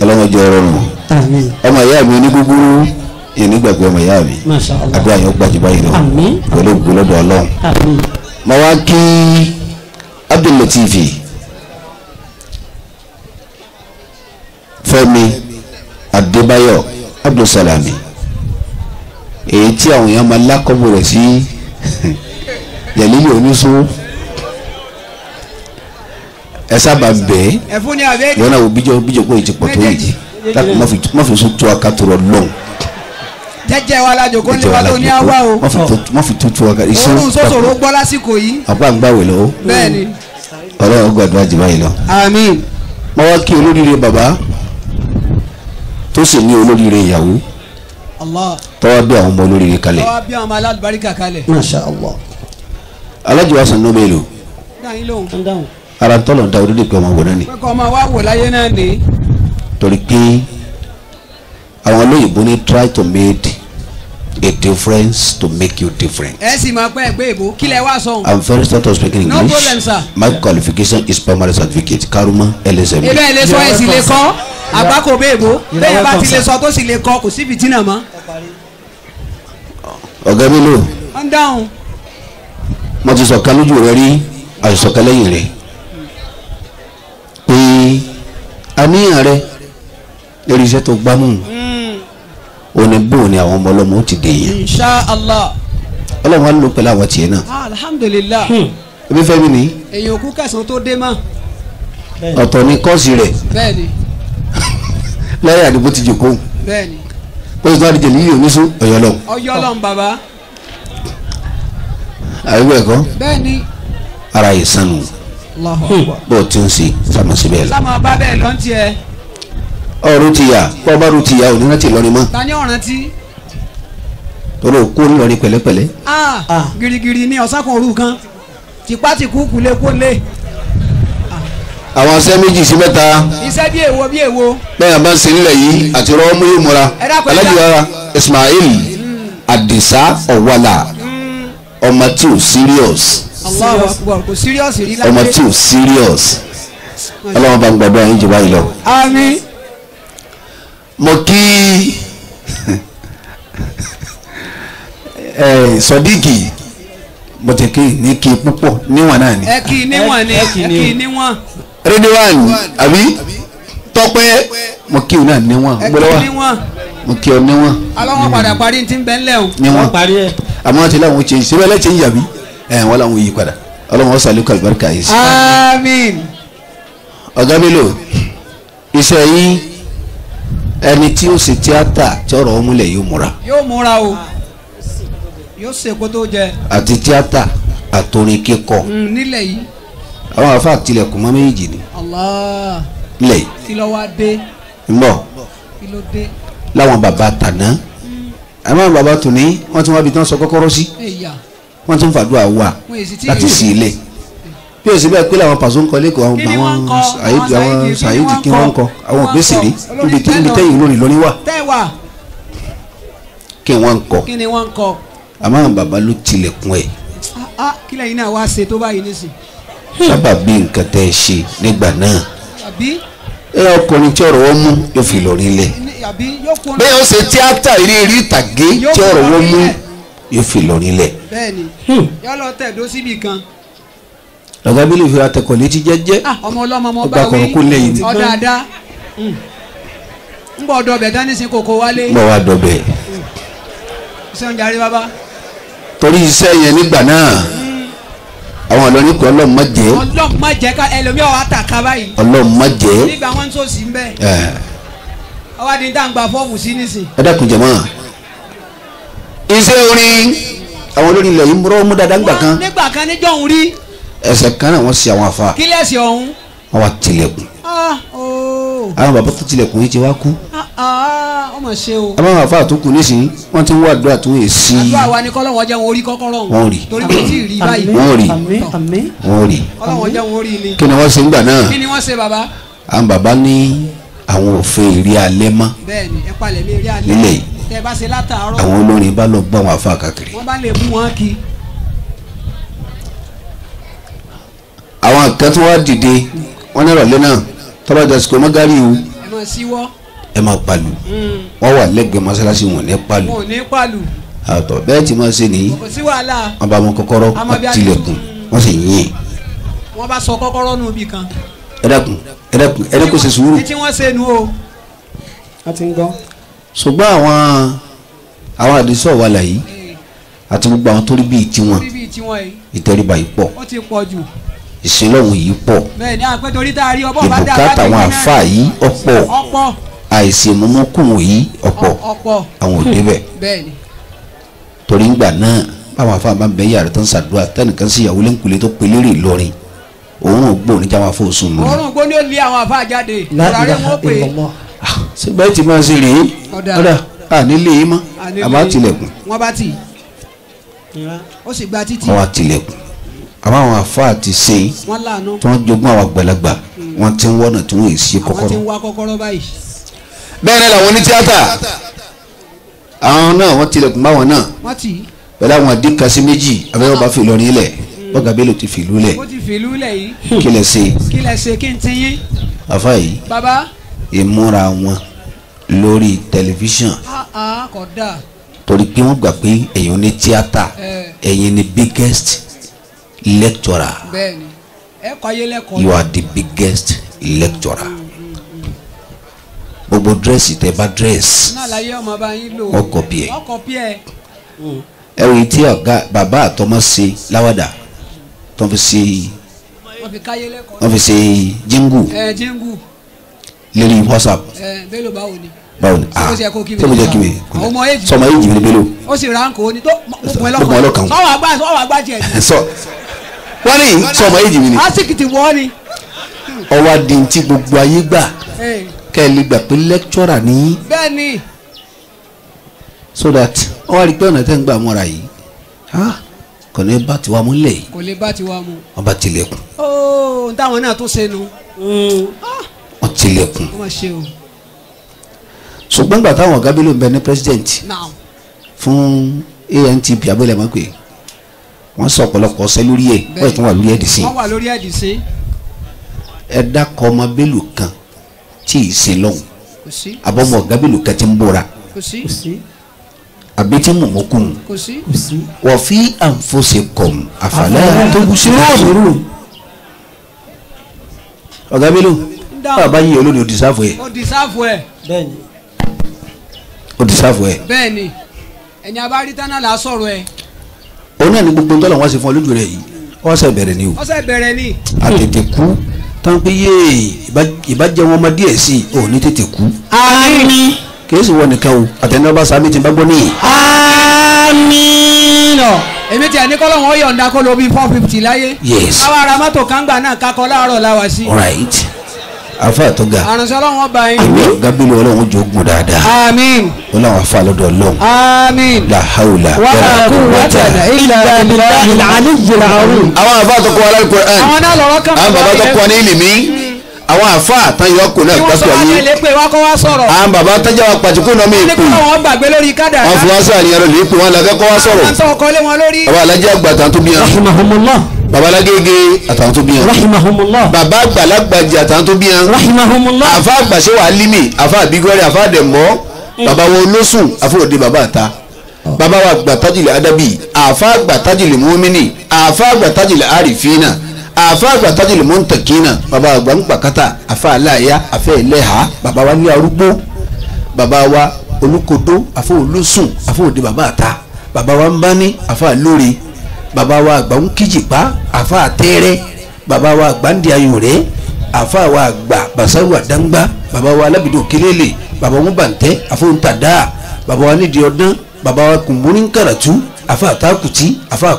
ọlọ́run jẹ́ ọrọ̀rùn ọmọ ìyá mi onígbúgbúrú ìnígbàgbé ọmọ ìyá mi àdúrà yín ó gbàjú báyìí lọ pẹ̀lú ògùn lọ́dọ̀ ọlọ́run mo wá kí abdullatifi fẹ́mi adébáyọ̀ abdulsalami èyí tí àwọn èèyàn máa lákọ̀ọ́bù rẹ̀ sí jẹ̀lílì oníṣòwò ẹ sábà bẹ́ẹ̀ wọn náà wò bíjọ bíjọ kó èyí pọ̀ tó yìí láti má fi sùn tó aka tó rọ lọ́hùn. jẹjẹ wa la jòkó ní wa ló ní awa o má fi tó tó aka iṣẹ́ òun sọ̀rọ̀ gbọ́ lásìkò yìí. àpá àgbàwẹ̀ lọ. bẹ́ẹ̀ni. ọlọ́run gbàdúrà jù báyìí lọ. àmín. mo wá kí olóríire bàbá tó sì ní olóríire ìyàwó. Allah tọ́wọ́ bí àwọn ọmọ olóríire kalẹ̀. tọ́wọ́ bí àwọn ọmọ alábàríkà kalẹ̀. masha allah wa sàn nọ́ọ̀mù ara ń tọ́lọ̀ da orílẹ̀ pé ọmọ wò náà ni. ọmọ wa wò láyé náà ni. torí pé àwọn olóyìnbó ní try to make a difference to make you different. ẹ sì máa pẹ́ ẹgbẹ́ ìbò kílẹ̀ wá sọ. i'm very start to speak english. no problem sir. my qualification is primary certificate karuma lsm. ebe ẹ lè sọ ẹ sì lè kọ àgbákò bẹ́ẹ̀ bó bẹ́ẹ̀ bá ti lè sọ tó sì lè kọ kò síbi tí mọ́ ọ̀gá mi lò. wọ́n dáhùn. mo ti sọ̀kan lójú rẹ rí àìsọ̀kan lẹ́yìn rẹ pé àníyàn rẹ lórí iṣẹ́ tó gbámú hmm. òní bò ni àwọn ọmọ ọlọ́mọ ó ti dè yẹn. insha Allah. ọlọ́run wa ló pẹ̀lú àwọn tiẹ̀ náà. Ah, alhamdulillah. Hmm. ebi fẹ́ mi ni. èyàn òkú kẹsàn-án tó dé mọ́. ọ̀tọ̀ ni kọ́ọ̀sì rẹ̀. bẹ́ẹ̀ ni. lẹ́yìn àdìbò ti jòkó. bẹ́ẹ̀ ni pẹ́sìtọ́ àdìjẹ́ ní yòónísù ọ̀yọ́lọ́. ọ̀yọ́lọ́ bàbá. àyẹ̀wò ẹ̀kọ́. bẹ́ẹ̀ni. ara yìí sanu. Hmm. bó o ti ń se sàmà sí bẹ́ẹ̀ lọ. sàmà bá bẹ́ẹ̀ lọ́n tiẹ̀. ọ̀run ti yà bọ́ọ̀bá ru ti yà òní rántí lọ́ni mọ́. ta ni ọ̀ràn ti. tọ́lá òkú ńlọrin pẹ̀lẹ́pẹ̀lẹ́. Ah, ah girigiri ni ọ̀sákùn òru kan kule kúlé kólé àwọn asẹ́ méjì sí mẹ́ta. iṣẹ́ bí èwo bí èwo. bẹ́ẹ̀ a bá ń ṣe nílẹ̀ yìí àti rọ́ọ̀mù yóò múra alájùwára Ismail Adisa Ọ̀wálà ọmọ tí ò serious. Allahu Akbar kò serious rí lápẹ́. ọmọ tí ò serious ọlọ́wọ́n bá ń gbàgbọ́ àyín jù báyìí lọ. àmín. mo kí sọdíkì eh, mo ti kí ní kí púpọ̀ níwọ̀n náà ni. ẹ kí níwọ̀n ni ẹ kí níwọ̀n. Ridwan àbí Tọ́pẹ́ mo kí o náà níwọ̀n gbọ́dọ̀ mo kí o níwọ̀n. aláwọ̀ padà mm. parí ti ń bẹ́ ńlẹ̀ o. níwọ̀n àmọ́ ti láwọn ṣe ìṣẹ́wẹ́ lẹ́tí ń yàbí ẹ̀ wọ́n láwọn yí padà ọlọ́run ọ̀sán ló kàlùbárí kà yé ọ̀gá mi lò iṣẹ́ yín ẹni tí ó ṣe tíátà tí ọ̀rọ̀ ọmúlẹ̀ yóò múra. yóò múra o yóò ṣe kó jẹ. àti tíátà àtòrin kíkọ. Mm, nílẹ̀ yìí àwọn afa tilẹ̀kùn mọ́ méjì ni. lẹ̀ nbọ láwọn baba tàná àwọn baba tòní wọ́n tún wá bi tán sọ kọ́kọ́rọ́ sí wọ́n tún fàdúrà wà láti sí ilẹ̀ bí òsì bẹ́ẹ̀ pé làwọn pàṣẹ ń kọ lẹ́kọ̀ọ́ àwọn àyèdè àwọn sàyèdè kí wọ́n ń kọ àwọn òbẹ́sì rí níbi tẹ́yìn olórin lórí wà kí wọ́n ń kọ àwọn baba ló tilẹ̀kùn ẹ̀. Ah, ah, kí lẹ́yìn náà wá ṣe tó báyìí nísìnyí sábà bí nǹkan tẹ́ ẹ ṣe nígbà náà ẹ ọkùnrin tí ọ̀rọ̀ wọn mú yóò fi lọ rílẹ̀ bẹ́ẹ̀ ó ṣe tíátà eré eré ìtàgé tí ọ̀rọ̀ wọn mú yóò fi lọ rílẹ̀. bẹ́ẹ̀ni hmm. yọ lọ tẹdó síbi kan. lọ́gá bí lè fi atẹ̀kọ̀ létí jẹ́jẹ́ ah, ọmọ ọlọ́mọ ọmọ bá wí ọ̀dàdà ń bọ̀ dọ̀bẹ̀ dání sin kòkó wálé. bọ̀ wá dọ̀bẹ̀. iṣẹ́ oúnjẹ àríwá bá. torí iṣẹ́ yẹn nígbà náà àwọn ọlọ́rin kọ́ ọlọ́run má jẹ́. ọlọ́run má jẹ́ ká ẹlòmíì ọ̀hún àtàkà báyìí. ọlọ́run má jẹ́. nígbà wọn ń sòsì ń bẹ̀. adi tá à gba fọ́ọ̀mù sí nísìn. ẹ dákun jẹ mọ́. iṣẹ́ orin àwọn olórin ilẹ̀ yìí ń mú dáadáa ńgbà kan. nígbà kan níjọ́ òun rí. ẹsẹ̀ kan náà wọ́n ṣe àwọn àfa. kílẹ̀ ṣe ọ̀hún. wọ́n wá tilẹ̀kùn. ah oh àwọn bàbá tó tilẹ̀kùn yìí ti wá kú. Ah, ah, àwọn àfa tó kù nísìnyí wọ́n ti ń wá àdúrà tó yẹ sí i. àdúrà wa ni kọ́lọ́ wọ́n jẹ́ wọn orí kọ́kọ́rọ́ wọn rí torí kò tí ì rí báyìí. wọ́n rí wọ́n rí kí ni wọ́n ṣe ńgbà náà. kí ni wọ́n ṣe bàbá. àwọn bàbá ní àwọn òfin ìrí alẹ́ mọ́ nílẹ̀ yìí àwọn olórin bá lọ gbọ́ àwọn àfa káàkiri. wọ́n bá lè mú wọn kí. àwọn kan tí wọ́n dìde wọ́n ní ìrọ̀lẹ́ náà tọ́ba jásìkò ẹ má gárí o ẹ má palu hmm. wọ́n wà lẹ́gbẹ̀ẹ́ mọ́sálásí wọn ní palu àtọ̀ bẹ́ẹ̀ tí máa ṣe nìyí wọ́n bá mọ kọ́kọ́rọ́ àtìlẹ̀kùn wọ́n sì yín ẹ̀. wọ́n bá sọ kọ́kọ́rọ́ nù bí kan. ẹ dẹ́kun ẹ ṣe sùúrù. etí wọ́n ṣe nu o. a ti ń gbọ́. ṣùgbọ́n àwọn àwọn àdìsọ́ wa là yìí àti gbogbo àwọn tó rí bíi tiwọn ìtẹríba yìí pọ̀. ó ti pọ̀ jù ìsìnlọ́hún yìí pọ̀ ìbùkátà àwọn àfáà yìí ọ̀pọ̀ àìsí ìmúmọ́kùnrin yìí ọ̀pọ̀ àwọn òde bẹ̀ torí ngbà náà báwọn afáà bá ń bẹ yàrá tó ń ṣàdúrà tẹnìkan sí ìyàwó lẹ́ńkulé tó pelére Ìlọrin òórùn gbòòrùn jáwọn afọ òsùn lórí. òórùn gbòòrùn yóò lé àwọn afáà jáde ìrarẹ́ wọn pè é. Ah, ṣé bẹ́ẹ̀ ti máa ṣe rèé ọ̀dà ànílé yìí mọ́ àbá tilẹ̀kùn. wọ́n bá tì í ó sì gba títì. wọ́n á tilẹ̀kùn àmọ́ àwọn àfáà ti ṣe tí wọ́n jogún àwọn àgbàlagbà hmm. wọ́n ti ń wọ́nà tí wọ́n yìí sí kọ́kọ́rọ́. bẹ́ẹ̀ ni làwọn onítìátà àwọn náà wọ́n tilẹ̀kùn báwọn náà pẹ̀lú àwọn adékasí méjì abẹ́rẹ́ bá fi Ìlọrin lẹ̀ hmm. bọ́gà Bello ti fìlú lẹ̀ hmm. kí lẹ̀ ṣe kí lẹ̀ ṣe kí n ti yín. àfa yìí ìmúra wọn lórí tẹlifíṣàn ah, ah, torí pé wọ́n gbà pé ẹ̀yin ní tíátà eh. ẹ̀yin ní biggest lecturer. you are the biggest lecturer. gbogbo dírẹ́sì tẹ bá dress. náà láyé ọmọ bá yín lò. ọkọ bí ẹ. ọkọ bí ẹ. ẹ wòye tí ọ̀gá bàbá àtọmọ ṣe láwàdà tó fi ṣe. wọ́n fi ṣe jíngù. lórí whatsapp. ẹ bẹ́ẹ̀ ló báwo ni báwo ni aa sẹ́mu jẹ́ kíbe sọmọ yìí jìbìlì bẹ́lẹ̀ o. ó sì ránkò ó ní tó mọ̀ ẹ́ lọ́kàn sọ́wọ́ àgbà sọ́wọ́ wọ́n ní sọmọ èjì mi ni. asikiti wọ́n ni. ọwọ́ adi ti gbogbo ayé gbà kẹ́ ẹ lè gbà pé lẹ́kítọ́rà ní. bẹ́ẹ̀ ni. so that ọwọ́ adi pé ọ̀nà tẹ́ ń gbà mọ́ra yìí kò ní bá tiwa mú lẹ̀ yìí. kò lè bá tiwa mú. wọ́n bá tilẹ̀kùn. ooo oh, n táwọn náà tó ṣe nu. Hmm. Ah. wọ́n tilẹ̀kùn. wọ́n ṣe o. ṣùgbọ́n gbà táwọn ọ̀gá bí ló ń bẹ ní president fún ANTP abẹ́lẹ̀ wọ́n sọ ọ̀pọ̀lọpọ̀ ọ̀sẹ̀ lórí ẹ̀ wọ́n yẹ kí wọ́n wà lórí ẹ̀dì sí. wọ́n wà lórí ẹ̀dì sí. ẹ dákọ̀ ọmọ bélò kan tí ì sin lọ́hùn àbọ̀mọ̀ ọ̀gá bélò kan ti ń bóra àbí tí mòmó kùn wọ́n fi àǹfọ̀sẹ̀ kọ̀m àfàlẹ́ tó kù sí lóòrùn. ọ̀gá bélò bàbá yìí olóde òdì sáfù ẹ̀. òdì sáfù ẹ̀. bẹ́ẹ̀ni. òdì sáfù ẹ̀. bẹ́ẹ̀ni ẹ̀yin abárí tánà òun náà ni gbogbo ntọ́lọ̀ wọn ṣe fún ọ lójú rẹ yìí ọ̀sẹ̀ bẹ̀rẹ̀ ni o ọ̀sẹ̀ bẹ̀rẹ̀ ni àtètè kú tán pé yéè ìbàjẹ́ wọn ọmọ díẹ̀ sí i ò ní tètè kú. àmín. kìí sì wọ nìkan o àtẹnudọ́gba sami ti bá gbọ́ nìyí. àmín. èmi tí a ní kọ́lọ́ wọn yọ̀ǹda kọ́ lóbi four fifty láyé. yes. àwa ara mọ́tò kàńgbà náà kakọ́ láàárọ̀ láwa sí. all right afa tó ga. àrùnsẹ́ ọlọ́run ọba yín. èmi ọ̀gá bínú ọlọ́run jogun dáadáa. àmín. ó láwọn afa lọ́dọ̀ ọlọ́run. àmín. la haula. wàhálà kú wàtà ilà ìlà ìlà àníjìlá ọ̀run. àwọn afa tó kọ́ aláìkọ ẹ̀. àwọn náà lọ́wọ́ kan. àwọn bàbá tó kọ́ ní ìlìmí àwọn afa àtàn yọ kò náà gbàsọ yìí àwọn bàbá tẹjọ wa pàtìkù náà mi kù wọn fún wa sọ àníyàn lórí ipò wọn làkẹ́kọ̀ọ́ wa sọ̀rọ̀ àwọn alájẹ àgbàtà tó bí wọn babalágége àtàwọn tó bí yan. rahimahumullah. baba àgbàlagbàjì àtàwọn tó bí yan. rahimahumullah. àfa àgbàṣe wà límì àfa àbígọ́rẹ́ àfa àdẹ̀mọ́ mm. baba wọn olóṣù àfọwọ́dé baba àta oh. baba wa àgbà tajìlì adabi àfa àgbà tajìlì mumini àfa àgbà tajìlì arifina àfa àgbà tajìlì muntakina baba àgbà ń pàkátà àfa àláyà àfẹ ẹlẹ́hà baba wa ní arúgbó baba wa olókodó àfọwọ́lóṣù àfọwọ́dé baba àta baba wa ń bá ní àfa àlórí bàbá wa àgbà ń kíjìpá àfa àtẹ́rẹ́ bàbá wa àgbà ń di ayò rẹ́ àfa wa àgbà basaru àdáńgbá bàbá wa alábìdó kélélè bàbá wọn bàǹtẹ́ àfọwọ́ntàdá bàbá wa nídìí ọdán bàbá wa kùnmúrin kàràtú àfa àtàkùtì àfa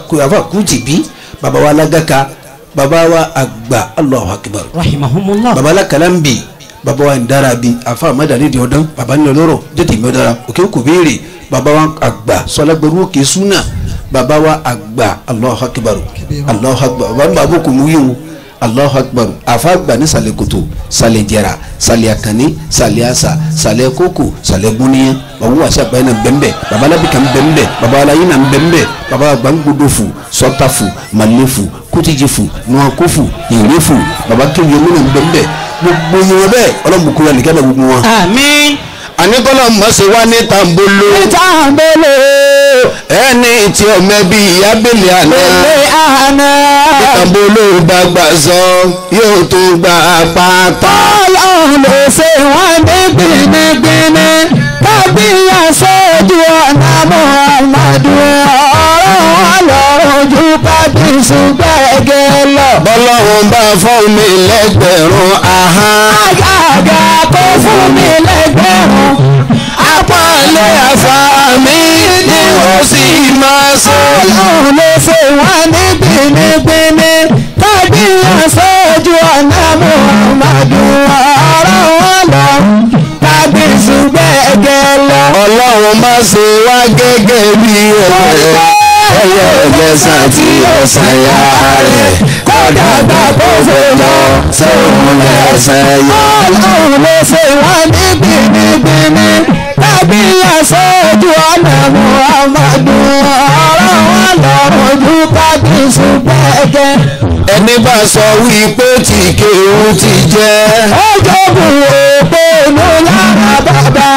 kùjìbí bàbá wa alágàkà bàbá wa àgbà Allahu akbar rahimahumullah bàbá alákàlámbì bàbá wa ń dára bi àfa àmàdà nídìí ọdán bàbá ní ọlọ́rọ̀ jẹ́tìmí ọ̀dára òkè òkú béèrè Baba wa agba sọlágbẹrù òkè súnà Baba wa agba Allahu Akbar Allahu Akbar bàbá mi bàbá òkú mu yìí o Allahu Akbar àfa àgbà ní sàlẹ̀ kòtò sàlẹ̀ jẹ̀rà sàlẹ̀ àkànní sàlẹ̀ àṣà sàlẹ̀ kókò sàlẹ̀ gúnìyàn bàbá wa àṣà àgbáyé náà bẹ́ńbẹ́ bàbá alábìkà ń bẹ́ńbẹ́ bàbá aláyé náà ń bẹ́ńbẹ́ bàbá Baba ń gbódò fù sọ́tà fù màlẹ́ fù kútìjì fù nùhànkó fù ìrè fù bàbá kéwì ọmọ náà ń gbogbo yẹn bẹ́ẹ̀ ọlọ́mùkúrẹ́ nìkan náà gbogbo wọn. àmín àníkọ́lọ́ mọ̀ọ́sẹ̀ wá ní tàǹbóló. ní tàǹbóló. ẹni tí ọmọ ẹbí ìyá bèlè àná. bèlè àná. ní tàǹbóló bá gbà sọ yóò tó gbà pátá. ọlọ́run ló ṣe wọ́n ní gbìnìgbìnì tàbí àṣejù ọ̀nà muhammadu ọ̀rọ̀ ọlọ́run jù bàbí ṣùgbẹ́gẹ́ lọ. bọ́lọ́run bá fún mi lẹ́gbẹ̀rún àgàgà kó fún mi lẹ́gbẹ̀rún. ṣe wá ní gbìnìgbìnì tábìyàn sójú ọ̀nà Muhammadu ọ̀rọ̀ wọn lọ tàbí ṣùgbẹ́ ẹ̀gẹ́ lọ. Ọlọ́run má ṣe wá gẹ́gẹ́ bí ẹ̀rọ ẹ̀yẹ ẹ̀lẹ́sàn tí ọ̀sán yá rẹ̀ kódà gbà tó ṣe lọ sóhun lẹ́sẹ̀ yá. Ọlọ́run ló ṣe wá ní gbìnìgbìnì bíyà sójú ọ̀nà muhammadu ọ̀rọ̀ wọn lọ́rùn ju kábíyèsí gbẹ̀gẹ́. ẹni bá sọ wípé tí kéwù ti jẹ́. ó jogún òpó inú lára bàbá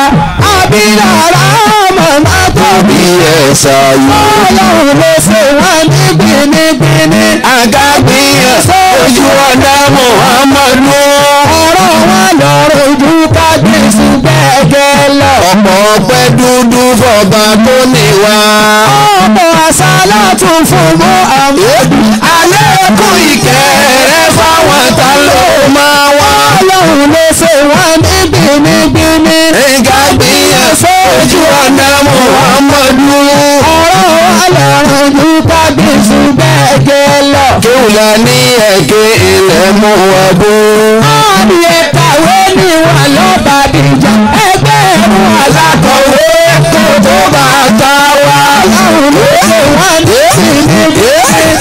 abíyàrá mọ̀nà tóbi ẹ̀sà yìí. ọlọ́run ló ṣe wọ́n ní gbinigbini. àga bíyà sójú ọ̀nà muhammadu ọ̀rọ̀ wọn lọ́rùn ju gbé sí gbẹ́gẹ́ lọ. ọ̀pọ̀ ọpẹ́ dúdú fọba tó ní wa. ọ̀pọ̀ àṣà látún fún mọ́ àmì. àlékún ìkẹ́ rẹ fáwọn ta ló máa wá. ọlọ́run ló ṣe wá ní bínibíní. ìgbà gbìyàn sójú ọ̀nà Muhammadu. ọ̀rọ̀ ọlọ́run ló bá gbé gbẹ́gẹ́ lọ. kíwùlà ní ẹ̀kẹ́ ilẹ̀ mú wa bó. ọ̀ọ́nì ẹ̀ka wo ni wà lọ́wọ́. Khadija ẹgbẹ̀rún alákọ̀wé kò tó bàtà wa lọ́rùn ṣe wọ́n ní sinmi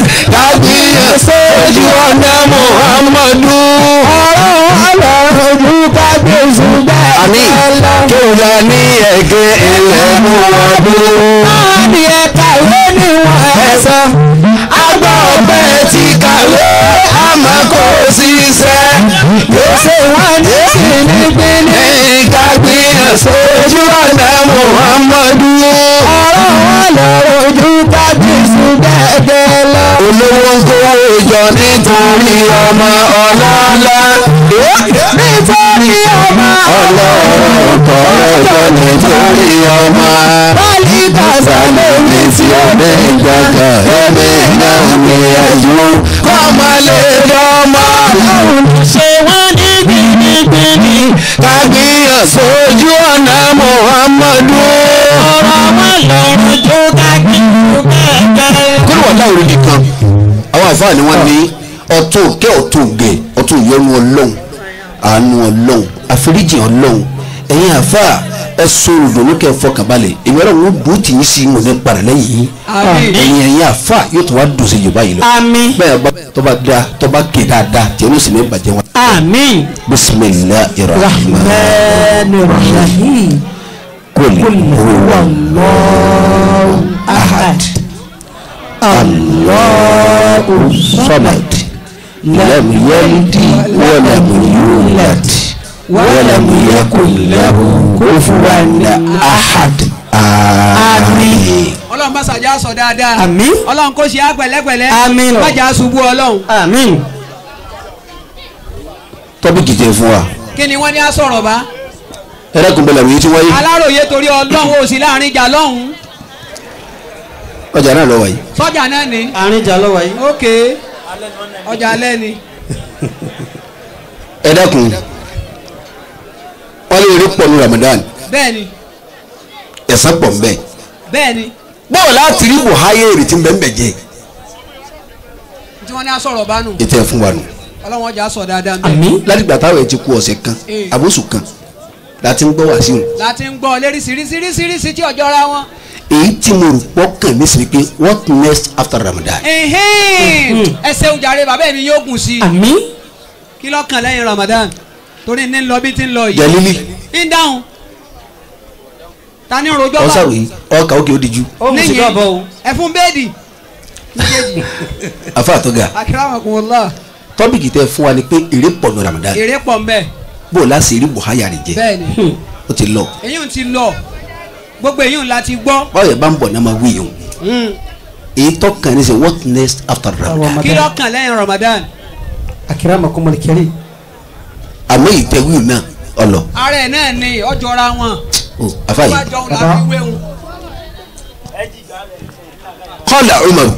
sí tàbí sójú ọ̀nà Muhammadu. ọ̀rọ̀ ọlọ́run ju tàbí ṣùgbọ́n ẹ̀lọ́. kí o lọ ní ẹ̀gẹ́ ilẹ̀ Muhammadu. máa ní ẹ̀ka ìwé ni wọ́n ẹ̀ sọ ayé àmọ́ kò ṣiṣẹ́ yóò ṣe wádìí sí ní pínlẹ̀ kágbìyàn sójú ọ̀nà Muhammadu. ọ̀rọ̀ wọn lọ ojú tábí sùdẹ́gẹ́ lọ. olówó ń kówó ìjọ nítorí ọmọ ọlọ́lá. nítorí ọmọ ọlọ́run kọ́ ẹ̀kọ́ nítorí ọmọ. báyìí tàṣà lómi tí ó ní ìjọba ẹ̀mí náà. àfáà ni wọ́n ní ọ̀tún òkè ọ̀tún ògè ọ̀tún ìyọ́nú ọlọ́run àánú ọlọ́run àforíjì ọlọ́run ẹ̀yin àfáà ẹ so ìdùnnú kẹ fọkànbalẹ̀ èmi ọlọ́run ó dùn tì í sí ìwọ̀n ní parẹ́lẹ́ yìí ẹ̀yin ẹ̀yin àfáà yóò tó wá dùn yorùbá yìí lọ bẹ́ẹ̀ bá tọ́ba da tọ́ba ké dáadáa tí ẹnu sì ní bàjẹ́ wọn. àmín bisimilayi rahman rahim kò ní kó wà lọ́ọ́ ahad. Allahu Samad lam yalid wa lam yulad wa lam yakun lahu kufuwan ahad. Àmín ọlọ́run bá sàjà sọ dáadáa àmín ọlọ́run kò ṣe á pẹ̀lẹ́pẹ̀lẹ́ àmín májà ṣubú ọlọ́run àmín. tọ́pìkì tẹ fún wa. kí ni wọ́n ní á sọ̀rọ̀ bá. ẹ̀rẹ́kùnbẹ̀lẹ̀ wòye tí wọ́n yé. aláròye torí ọlọ́run ò sí láàrin ìjà lọ́hùn-ún ọjà náà lọ wáyé. sọjà náà ni. àárín ìjà lọ wáyé. ok ọjà alẹ́ ni. ẹ dákun wọ́n lè rí pọ̀ ní Ramadan. bẹ́ẹ̀ni. ẹ̀sán pọ̀ nbẹ. bẹ́ẹ̀ni. bọ́ọ̀ láti rí buhari èrè tí nbẹ̀nbẹ̀ jẹ. tí wọ́n ní asọ̀rọ̀ bá nù. ètò ẹ̀ fún wa nù. ọlọ́wọ́n ọjà sọ dáadáa nbẹ. àmín ládìgbà táwọn ẹ̀ ti kú ọ̀sẹ̀ kan eh. àbóṣù kan láti ń gbọ́ wàásù. láti ń gbọ́ léríṣiríṣiríṣiríṣi tí ọjọ́ ra wọn èyí tí mo rò pọ̀ kàn mí sí pé what next after Ramadan. Hmm. ẹ ṣeun jàre bàbá mi yóò gùn sí i. àmín. kí ló kàn lẹ́yìn Ramadan torí ní lọ bí ti ń lọ yìí. jalili. ń dáhùn. ta ni rojọ́ bá. ọ̀sàrò yìí ọkà òkè ó di ju. ó mú sí lọ́bọ̀ o. ẹ fún bẹ́ẹ̀dì. afa àtọ́gà. akérèmọ̀kùnrin tọ́bìkì tẹ fún wa ni pé èrè pọ̀ ní Ramadan. èrè pọ̀ ń bẹ. bó o láṣẹ eré buhari rẹ jẹ. bẹ́ẹ̀ni. o ti lọ. èyí ò ti lọ gbogbo èyí la ti gbọ́. báwo yẹ bá ń bọ̀ náà máa wí yìí o hmm. èyí tó kàn ní sè what next after Ramadan. kí ló kàn lẹ́yìn Ramadan. akira makumali kẹrin. àmọ́ ìtẹ̀wé náà ọlọ. ara ẹ̀ náà ni ọjọ́ra wọn. afa yìí baba kọ́lá umar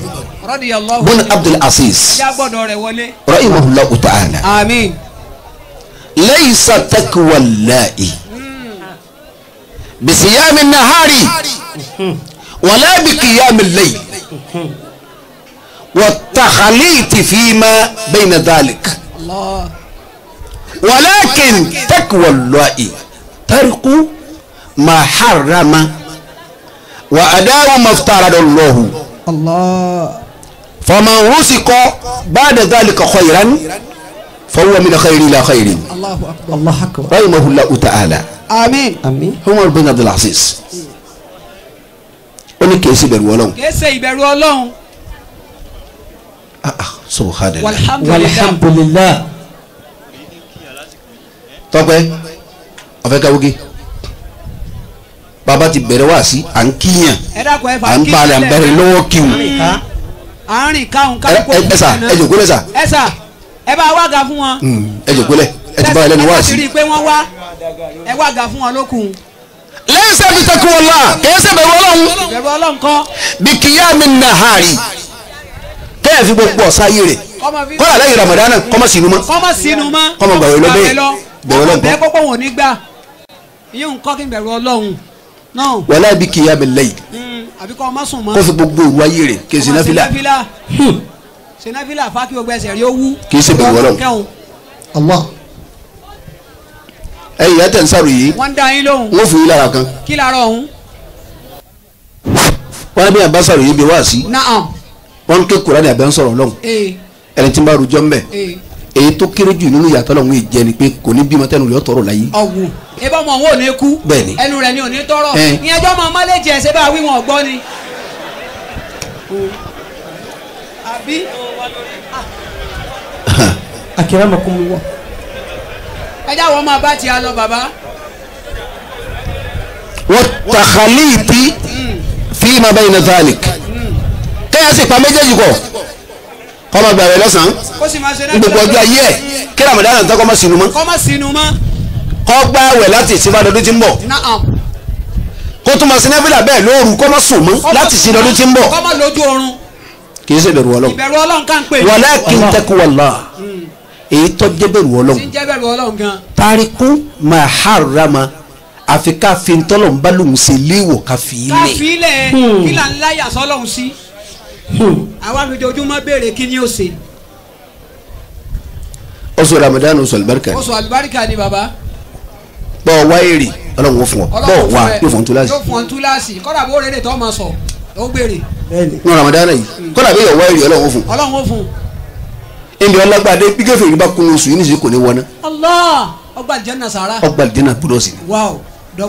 bọ́lá abdul aziz rahimahullah ta'ala. àmín. laysa taqwa llahi. بصيام النهار ولا بقيام الليل والتخليط فيما بين ذلك الله ولكن تقوى الله ترك ما حرم وأداء ما افترض الله الله فمن رزق بعد ذلك خيرا fọwọ́ mi na xayiri la xayiri. rahimahulahu ta'ala. àmín. àmín. umar bin abdulaziz. ó ní kìí ṣe ìbẹ̀rù ọlọ́run. kìí ṣe ìbẹ̀rù ọlọ́run. Ah, ah, subhanallah. walhamdulilah. tọ́pẹ́ ọ̀fẹ́ káwógi baba ti bẹ̀rẹ̀ wá sí à ń kíyàn à ń balẹ̀ à ń bẹ̀rẹ̀ lọ́wọ́ kíw. ẹ ẹ sà ẹ jòkó lẹ sà. ẹ sà ẹ bá wá ga fún wọn. Mm, ẹ jẹ pẹ̀lẹ́ ẹ ti bá ẹ lẹ́nu wá sí. ẹ ti rí i pé wọ́n wá ẹ wá ga fún wọn lókun. lẹ́yìn sẹ́ẹ̀ fi tẹ́kun wọn la kìí ṣe bẹ̀rù ọlọ́run. bẹ̀rù ọlọ́run kọ́. bí kìyà mi nà ha rí kẹ́ẹ̀ fi gbogbo ọ̀sá yé rẹ̀ kọ́lá lẹ́yìn Ramadan kọ́mọ sínú mọ́. kọ́mọ sínú mọ́. kọ́mọ gbàgbé lọ bẹ́ẹ̀ bẹ̀rù ọlọ́run kọ́. bẹ́ẹ̀ kọ́kọ́ wọn ò ní gbà yíyún nǹkan kí n bẹ̀rù ọlọ́run náà. wàlá bí kìyà mi kó fi gbogbo ìwáyé rẹ̀ kèsì náfìlà sinafila fa kí o gbẹsẹ̀ rí o wú. kì í ṣe bẹ̀rù ọlọ́run Allah ẹ̀yin ẹ̀ tẹ̀ ń sàrò yìí wọ́n dá yín lóhùn wọ́n fún yín lára kan. kí lára ọ̀hún. wọ́n á bí abasaro yìí bí wá sí. wọ́n ń ké kurani abẹ́ ń sọ̀rọ̀ lọ́hùn eh. ẹni tí ń bá rojọ́ ń bẹ̀ eh. èyí tó kéré jù nínú ìyàtọ̀ lọ́hùn yìí jẹ́ ni pé kò ní bímọ tẹnu rẹ̀ tọrọ láyé. ọ̀gùn ebá ọmọ òun ò ní kú ẹnu rẹ̀ ni ò ní tọrọ eh. ìyẹn jọ́ ọmọ ọmọ lè jẹ́ ẹ̀ṣẹ̀ bá wí wọn ọ̀gbọ́n ni àkìrá ah. mọ̀ kó mu wọ. ẹ jáwọ́ máa bá ti a lọ bàbá. wọ́n tàkàlì bí fi ma bẹ́yìn náà zalik kéèyàn sì pa méjèèjì kọ kọ́ ma gbàgbé lọ́sàn-án gbogbo ọjọ́ ayé ẹ̀ kí ramadan náà tán kọ́ ma sinu mọ́ kọ́ gbá wẹ̀ láti ìsinmi ọdún tí ń bọ̀ kó tún ma sinẹ́fìlà bẹ́ẹ̀ lóru kọ́ ma sùn mọ́ láti ìsinmi ọdún tí ń bọ̀ kì í ṣe bẹ̀rù ọlọ́run ìbẹ̀rù ọlọ́run kan pè é walakin taqwallah èyí tó jẹ́ bẹ̀rù ọlọ́run tariku ma harama àfi ká fi ntọ́lọ́run bá lòun ṣe léèwọ̀ ká fi ilẹ̀ ká fi ilẹ̀ hmm. kí là ń láyà sọ́lọ́run sí hmm. àwa mi dojúmọ́ béèrè kí ni ó ṣe. oṣù ramadan oṣù alibarika oṣù alibarika ni baba. bọ́ọ̀ wá èrè ọlọ́run ó fún ọ bọ́ọ̀ wá yóò fún ọ ntúláàsì. yóò fún ọ ntúláàsì kọ́dà bó rẹ̀ lè tọ́ sọ ó gbèrè ní Ramadan yìí kọ́lá bí yọ̀wọ́ ẹ̀rí ọlọ́run fún. ọlọ́run fún. ẹnì ọlọ́gbàdé bí kẹfẹ́ ìrìbá kunu oṣù yìí níṣẹ́ kò ní wọná. Allah ọgbà jẹ́nà sàrà. ọgbà jẹ́nà gbúdọ̀ sí.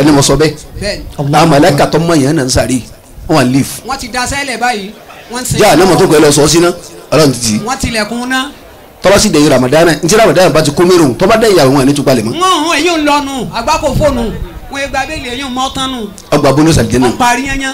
ẹni mo sọ bẹ́ẹ̀. àwọn màláíkà tó mọ̀ yẹn náà ń sàrí wọn à leave. wọ́n ti da sẹ́lẹ̀ báyìí. yà á nàmọ́tò kọ́ ẹ lọ sọ sí ná ọlọ́run ti tì. wọ́n tilẹ̀kùn ná tọ́ba sì dẹ̀yìn ramadana ntí ramadana bá ti kó mérò tọ́ba dẹ̀yìn àwọn ẹni tó gbalẹ̀ mọ́. ń hàn èyí ń lọnu àgbákò fóònù wọn ìgbà bẹ́ẹ̀ lè yín mọ́tánù. ọgbà bonus àlìjẹ́ náà. ọgbà àríyànjẹ́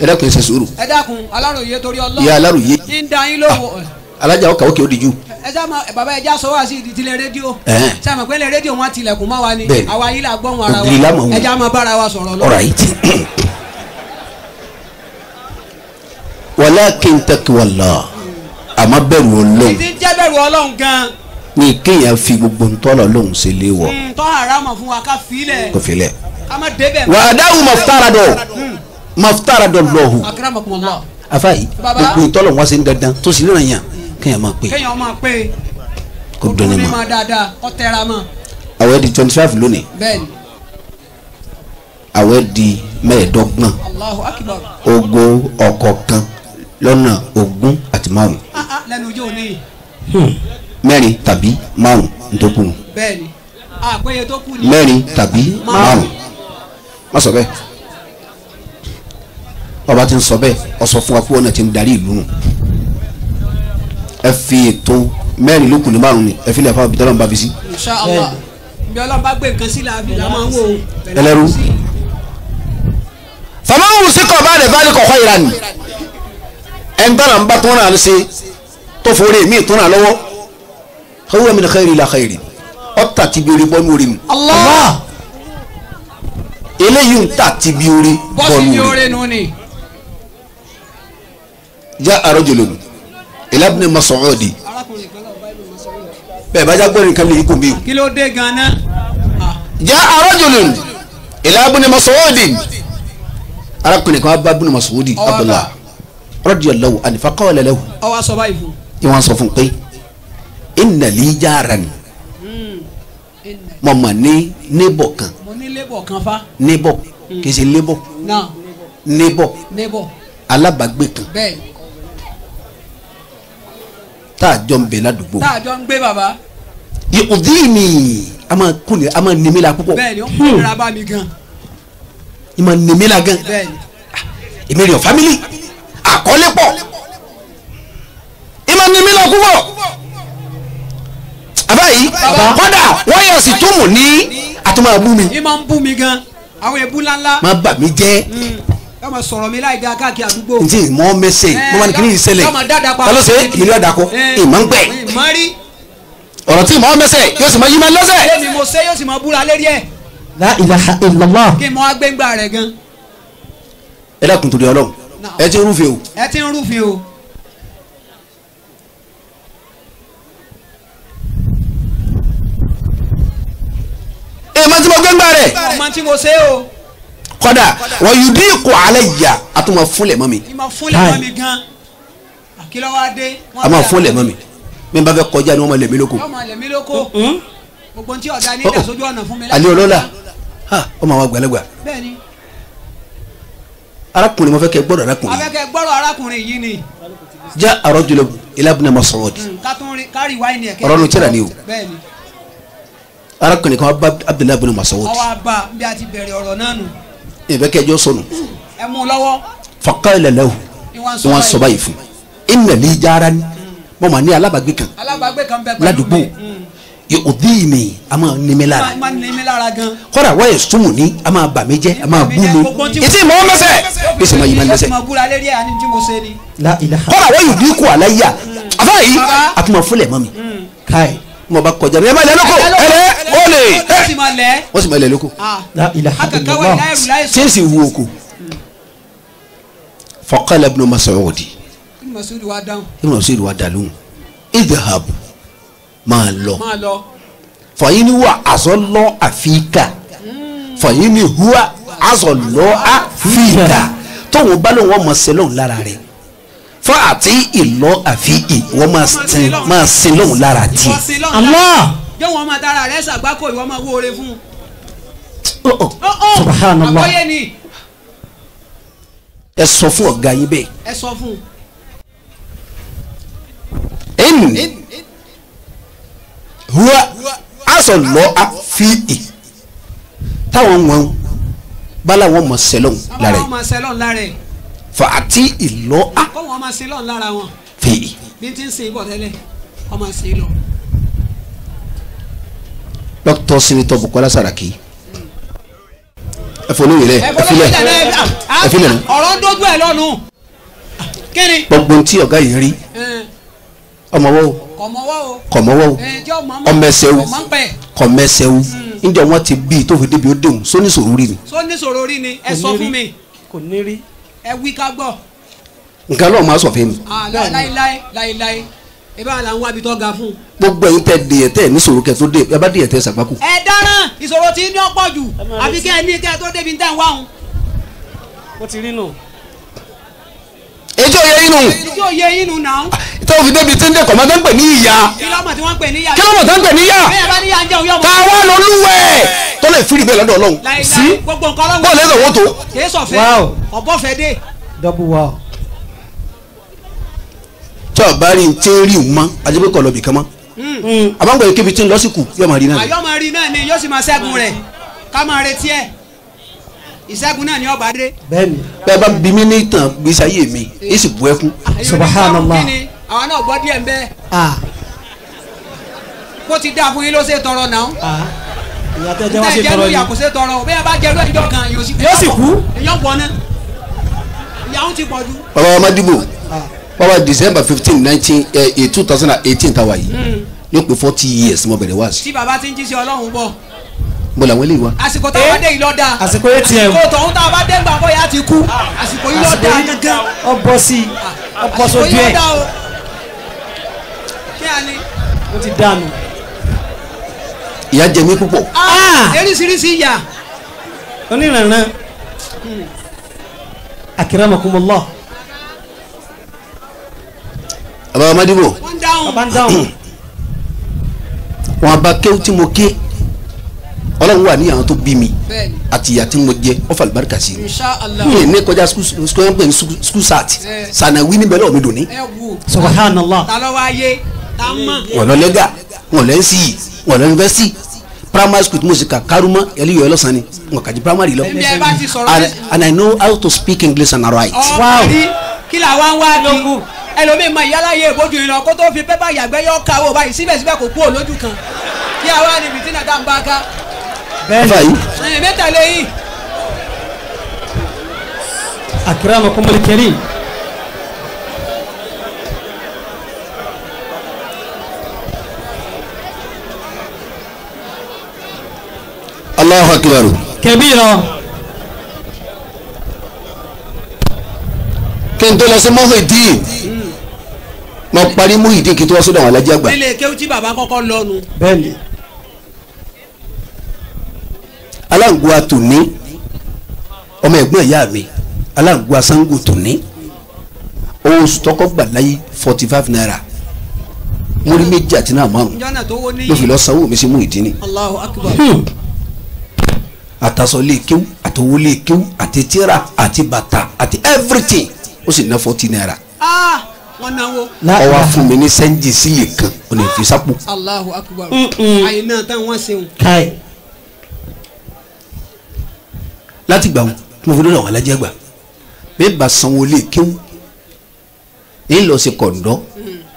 ẹ dákun ẹ ṣe sùúrù. ẹ dákun aláròye torí ọlọ́run. ìyá aláròye. ń da yín lówó. Ah, alájà ọkà òkè òdìjú. ẹ sá ma bàbá ẹ já sọ wá sí ìdílé rédíò. sá ma pé lè rédíò wọn tilẹ̀kùn mọ́ wa ni. bẹ́ẹ̀ni àwa yìí la gbọ́ ara wa. ògiri lamọ̀ wọn. ẹ já ma bára wa sọ̀rọ̀ lọ. ọ̀rọ̀ yìí ti. walakin takwallah àmọ́ bẹ̀rù ọlọ́run. ìdí jẹ́ bẹ̀rù ọlọ́run gan-an ní kéèyàn fi gbogbo ntọ́lọ̀ lóhùn sí ilé wọ. ntọ́ àrà mọ̀ fún wa ká filẹ̀. kò filẹ̀. ká má mọ̀ fúta ara dọ̀ mafutara dọ lọhu afa yi gbogbo ìtọ́lọ̀ wọn ṣe ń dandan tó sì lóra yàn kéèyàn máa pè é kó dọ́ni ma àwẹ̀ di twenty five lónìí àwẹ̀ di mẹ́ẹ̀ẹ́dọ́gbọ̀n ogo ọ̀kọ̀ọ̀kan lọ́nà ogún àti márùn ah, ah, hmm. mẹ́rin tàbí márùn ntòkùn mẹ́rin tabi márùn má sọ bẹ́ẹ̀ ọba ti ń sọ bẹ́ẹ̀ ọ sọ fún wa pé ọ̀nà ti ń darí ìlú nù ẹ fi ètò mẹ́rin lókùn ní márùn ni ẹ fi lè fa bitọ́lọ́ ń bá fi sí. Inshallah bí ọlọ́ba gbé nǹkan sí làbí la máa ń wò ó. ẹlẹ́rú. fàmáwù sí kọ̀ bá rẹ̀ bá rí kọ̀kọ́ ìranì ẹn dára ń bá tó náà ṣe tó forí mi tó náà lọ́wọ́ huwa min khairi la khairi ọ̀tà ti bí orí bọ́ mi orí mi. Allah eléyìí ń tà ti bí orí bọ́ mi orí. bọ́sì bí orí nù ni já arajulun ila ibn Mas'udi bẹ́ẹ̀ bá jágbọ́n nìkan ní ikú mi. kí ló dé gan-an. já arajulun ila ibn Mas'udi arákùnrin kan bá ibn Mas'udi Abdullah radiyallahu anhu faqala lahu. ọwọ́ sọ báyìí fún. ìwọ̀n sọ fún pé inna li jaran mo mọ̀ ní níbọ̀ kan. mo ní lébọ̀ kan fa. níbọ̀ hmm. kì í ṣe lébọ̀. náà níbọ̀. níbọ̀. alábàágbé kan. bẹ́ẹ̀ tá a jọ ń bẹ ládùúgbò. tá a jọ ń gbé bàbá. òdì mi a máa kún ní a máa nìmí la púpọ̀. bẹ́ẹ̀ni ó kún nira bá mi gan. i máa nìmí la gan. bẹ́ẹ̀ni. èmi rẹ̀ family àkọlé pọ̀ i máa nìmí la púpọ̀. àbá yìí kọ́dà wọ́n yọ̀ sí túmù ní àtúmọ̀ àbú i máa ń bú mi gan àwọn èébú ńláńlá. má bà mí jẹ́. Mm yóò máa sọ̀rọ̀ mi láì da káàkiri àdúgbò. n ti mọ mẹsẹ mo máa ní kíní ìṣẹ̀lẹ̀ kálọ sí ìlú àdàkọ eh, ìmọ̀ ń gbẹ. ọ̀rọ̀ tí mọ mẹsẹ yóò sì máa yí máa lọ́sẹ̀. èmi mo ṣe yóò sì máa búra lérí ẹ̀. la ilaha illallah. kí n mọ agbẹ́ngbà rẹ̀ gan. ẹ dákun torí Ọlọ́run ẹ ti ń o. ẹ ti ń rúfin o. èèmọ̀ tí mo gbẹ́ngbà rẹ̀. ọmọ tí mo ṣe o kọ́dà wọ́n yìí dín kù alẹ́ yà á tún ma fúnlẹ̀ mọ́ mi. a ma fúnlẹ̀ mọ́ mi mi bá fẹ́ kọjá ni wọ́n ma lẹ̀ mí lóko. Oh, oh. alẹ́ ọlọ́lá ọ ma wá gbalagbà arákùnrin mo fẹ́ kẹ́ gbọ́dọ̀ arákùnrin. a fẹ́ kẹ́ gbọ́dọ̀ arákùnrin yìí ni. já àrọ́ jùlọ ilabuna Mas'ud. Mm, kárì wáyé ni ẹ̀kẹ́. ọ̀rọ̀ ló tẹ̀ra ni o. bẹ́ẹ̀ni arákùnrin kan abdullahi bin Mas'ud. ọwọ́ abba bí a ti bẹ̀rẹ̀ ọ̀rọ̀ náà ìbẹ́kẹ́jọ́ sọnù. ẹ mú lọ́wọ́. fọkàn ilẹ̀ lẹ́wù ni wọ́n sọ báyìí fún ìnàlí jára ni mo mà ní alábàgbé kan ládùúgbò yóò dín mi a máa nímí lára kódà wọ́n yẹ súnmù ní a máa bà mí jẹ́ a máa bú mi ìtì mọ́ mẹ́sẹ̀ bí sèmọ yìí máa ń dẹ́sẹ̀ kódà wọ́n yìí dín kù àlàyé àfáà yìí a tún máa fúnlẹ̀ mọ́ mi hmm. mo bá kọjá mi ẹ bá lẹ́nu kò ó lè wọ́n sì máa lẹ̀ lóko ah. tí èsì wu oko hmm. faqala ibn Mas'ud ibn Mas'ud wa dàlóhùn idhab máa lọ fàyín ni wà azalla àfíkà fàyín ni huwa azalla àfíkà hmm. hmm. tóun bá lóun wọ́n mọ̀ sẹ́lọ̀ lára rẹ̀ fún àti ìlọ àfi ì wọ́n máa sin lóun lára tiẹ̀. Allah jẹ́ wọn máa tara rẹ̀ ṣàgbákò ìwọ máa wó ore fún un. Oh, oh. Oh, subhanallah àkọ́yé ni. ẹ sọ fún ọ̀gá yín bẹ́ẹ̀. ẹ sọ fún un. in huwa aṣọ lọ́ọ́ fi ì táwọn wọn bala wọn mọ sẹlọn lára yìí fa àti ìlọ a. kọ́ wọn ma sẹlọn lára fi. bí n ti ń Dr. Senator Bukola Saraki ẹfọ olóyè rẹ ẹfilẹ ẹfilẹ nù. ọ̀rọ̀ dójú ẹ̀ lọ́nu. kíni. gbogbo ti ọ̀gá yìí rí ọmọwọ́ o kọ̀mọ́wọ́ o ọmẹsẹ̀wò kọ̀mẹsẹ̀wò níjọ wọn ti bi tó fi débi ó déhùn sóní sòrò rí ni. sóní sòrò rí ni ẹ sọ fún mi. kò ní rí. ẹ wí ká gbọ́. nǹkan lọ́ọ̀ máa sọ fún mi. Ah, láéláé láéláé ẹ bá la ń wá ibi tó ga fún. gbogbo ẹ̀yin tẹ dèyẹ tẹ níṣòro kẹ tó dé ẹ bá dèyẹ tẹ sàgbákù. ẹ dáràn ìṣòro tí ní ọ̀pọ̀ jù àfi kẹ ẹ ní kẹ tó débi tẹ ń wá òun. mo ti rí nù. èjì òye inú. èjì òye inú náà. tó o fi débi tí ń dẹkọ̀ máa ń pè ní ìyá. kílọ̀mọ̀ tí wọ́n ń pè ní ìyá. kílọ̀mọ̀ tí wọ́n ń pè ní ìyá. bẹ́ẹ̀ bá ní ìyá ń jẹun yọ̀mọ̀. káwá lolúwẹ̀ tó lè fìrì bẹ́ẹ̀ lọ́dọ̀ ọlọ́run. double wow tí a bá rí n tí ń rí mọ́ ajẹ́pẹ́ kọ̀ lọ́bì kan mọ́ àbáǹgbọ̀ hmm. yìí kébi tí ń lọ sí kù yóò máa rí náà. àyọ̀ máa rí náà ni yóò sì máa ṣẹ́gun rẹ̀ ká máa retí ẹ̀ ìṣẹ́gun náà ni ọba dé. bẹ́ẹ̀ni. bẹ́ẹ̀ bá bí mi ní ìtàn gbèsè ayé mi yìí sì bu ẹkún. subhanallah. àwọn náà gbọ́ díẹ̀ bẹ́ẹ̀. kó ti dáa fún yín ló ṣe tọrọ náà ìyàtọ̀ jẹ́ wá ṣe tọrọ yìí. ìyàtọ̀ jẹ́ tọrọ yìí bẹ́ẹ̀ bá jẹ́ lóyún ìjọ kan yóò sì kú. yóò sì kú. ìyàwó ti pọ̀ ju. bàbá wa má dìbò bàbá december fifteen nineteen eh, eh, two thousand and eighteen tàwa yìí ní hmm. pé forty years mo bẹ̀rẹ̀ wá sí. tí baba, ti ń jíṣẹ́ ọlọ́run bọ̀. mo làwọn eléyìí wa. àsìkò tá a bá eh? dé yìí lọ dáa. àsìkò atm àsìkò tọ̀hún tá a bá dé ń gbà bọ́ yà á ti kú. àsìkò yìí lọ dáa gángan. ọbọ sí i ọbọ sojú ẹ. kí a ní. ó ti dànù. ìyà jẹ mí púpọ̀. Ah, ah! eríṣiríṣi ìyà. onírànràn hmm. akérèmọkùnmọ́lá bàbá madibo wọn bá kéwù tí mo ké ọlọ́run wà ní àwọn tó bí mi àti ìyá tí mo jẹ ọfà àlùbáríkà sí mi ní kọjá sukuu pé sukuu sat sanawi níbẹ̀ lọ́wọ́ mi dùn wọn lọ lẹ́gà wọn lọ NCE wọn lọ yunifásitì primary school tí mo sì kà kárúmọ́ ẹlẹ́yọ̀ ẹlọ́sàn ni wọn kà jí primary lọ. and I know how to speak English and write. ọ̀rọ̀ kí làwọn wá bí ẹlòmíín mọ ìyáláyé ìbòjú ìran kó tó fi pépà yàgbẹ́ yọ káwọ́ báyìí síbẹ̀síbẹ̀ kò kú olójú kan kí àwa ni bìtínà tá n bá ká. bẹ́ẹ̀ ni mẹ́ta lè yí. akirama kumuli kẹri. Allahu akbar. kẹbíyàn. kí n tó lọ sí mọ́hìndín mo parí Muyideen kí tó wá sódò àwọn alájí àgbà. ilé kéwú tí bàbá kọ́kọ́ lọ́nu. bẹ́ẹ̀ni aláǹgbó atòní ọmọ ẹ̀gbọ́n ìyá mi aláǹgbó asángò tòní owó sùtọ́kọ́ gbà láyé forty five naira múrí méjì àti náà márùn ló fi lọ sanwó mi sí Muyideen ni. Akbar hmm. àtàsọ lè kéwú àtòwó lè kéwú àti tíra àti bàtà àti everything ó sì ná forty naira. Ah wọ́n náwó. ọ wá fún mi ní sẹ́ńjì sílè kan ò ní fi sápò. Allahu Akbar àyìnà táwọn ṣeun. káì láti gbà wọn tí mo fi lọ́dọ̀ àwọn alájẹ́ gbà bẹ́ẹ̀ bá sanwó lé kéwù èyí lọ sí kọ̀ǹdọ́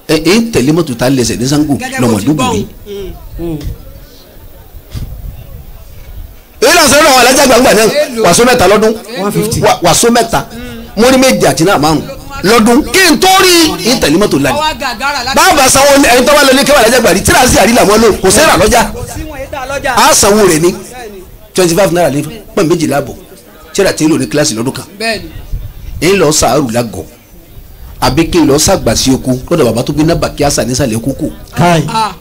èyí mm. tẹ̀lé mọ́tò tá a lẹsẹ̀ ní sango lọ́mọdúnbùnmi. èyí lọ sọ lọ́wọ́ alájẹ́ gbà náà wàásù mẹ́ta lọ́dún wàásù mẹ́ta mórí mm. méjì àti náà márùn-ún lọ́dún kí n tó rí ní tẹ̀lé mọ́tò lánìí. báàbà sanwó ẹni tó bá lọ ní kẹwàá lọ́jà gbàrí tíra sí àrí làwọn lò kò sẹ́ra lọ́jà á sanwó rẹ̀ ní twenty five naira ní pọ̀ méjì láàbọ̀ tíra tí ń lò ní kíláàsì lọ́dún kan ń lọ sàárù lágọ̀ọ́ àbí kí n lọ sàgbà sí oko lọ́dọ̀ bàbá tó gbé náà bàkí àṣà nísàlẹ̀ kókò ah.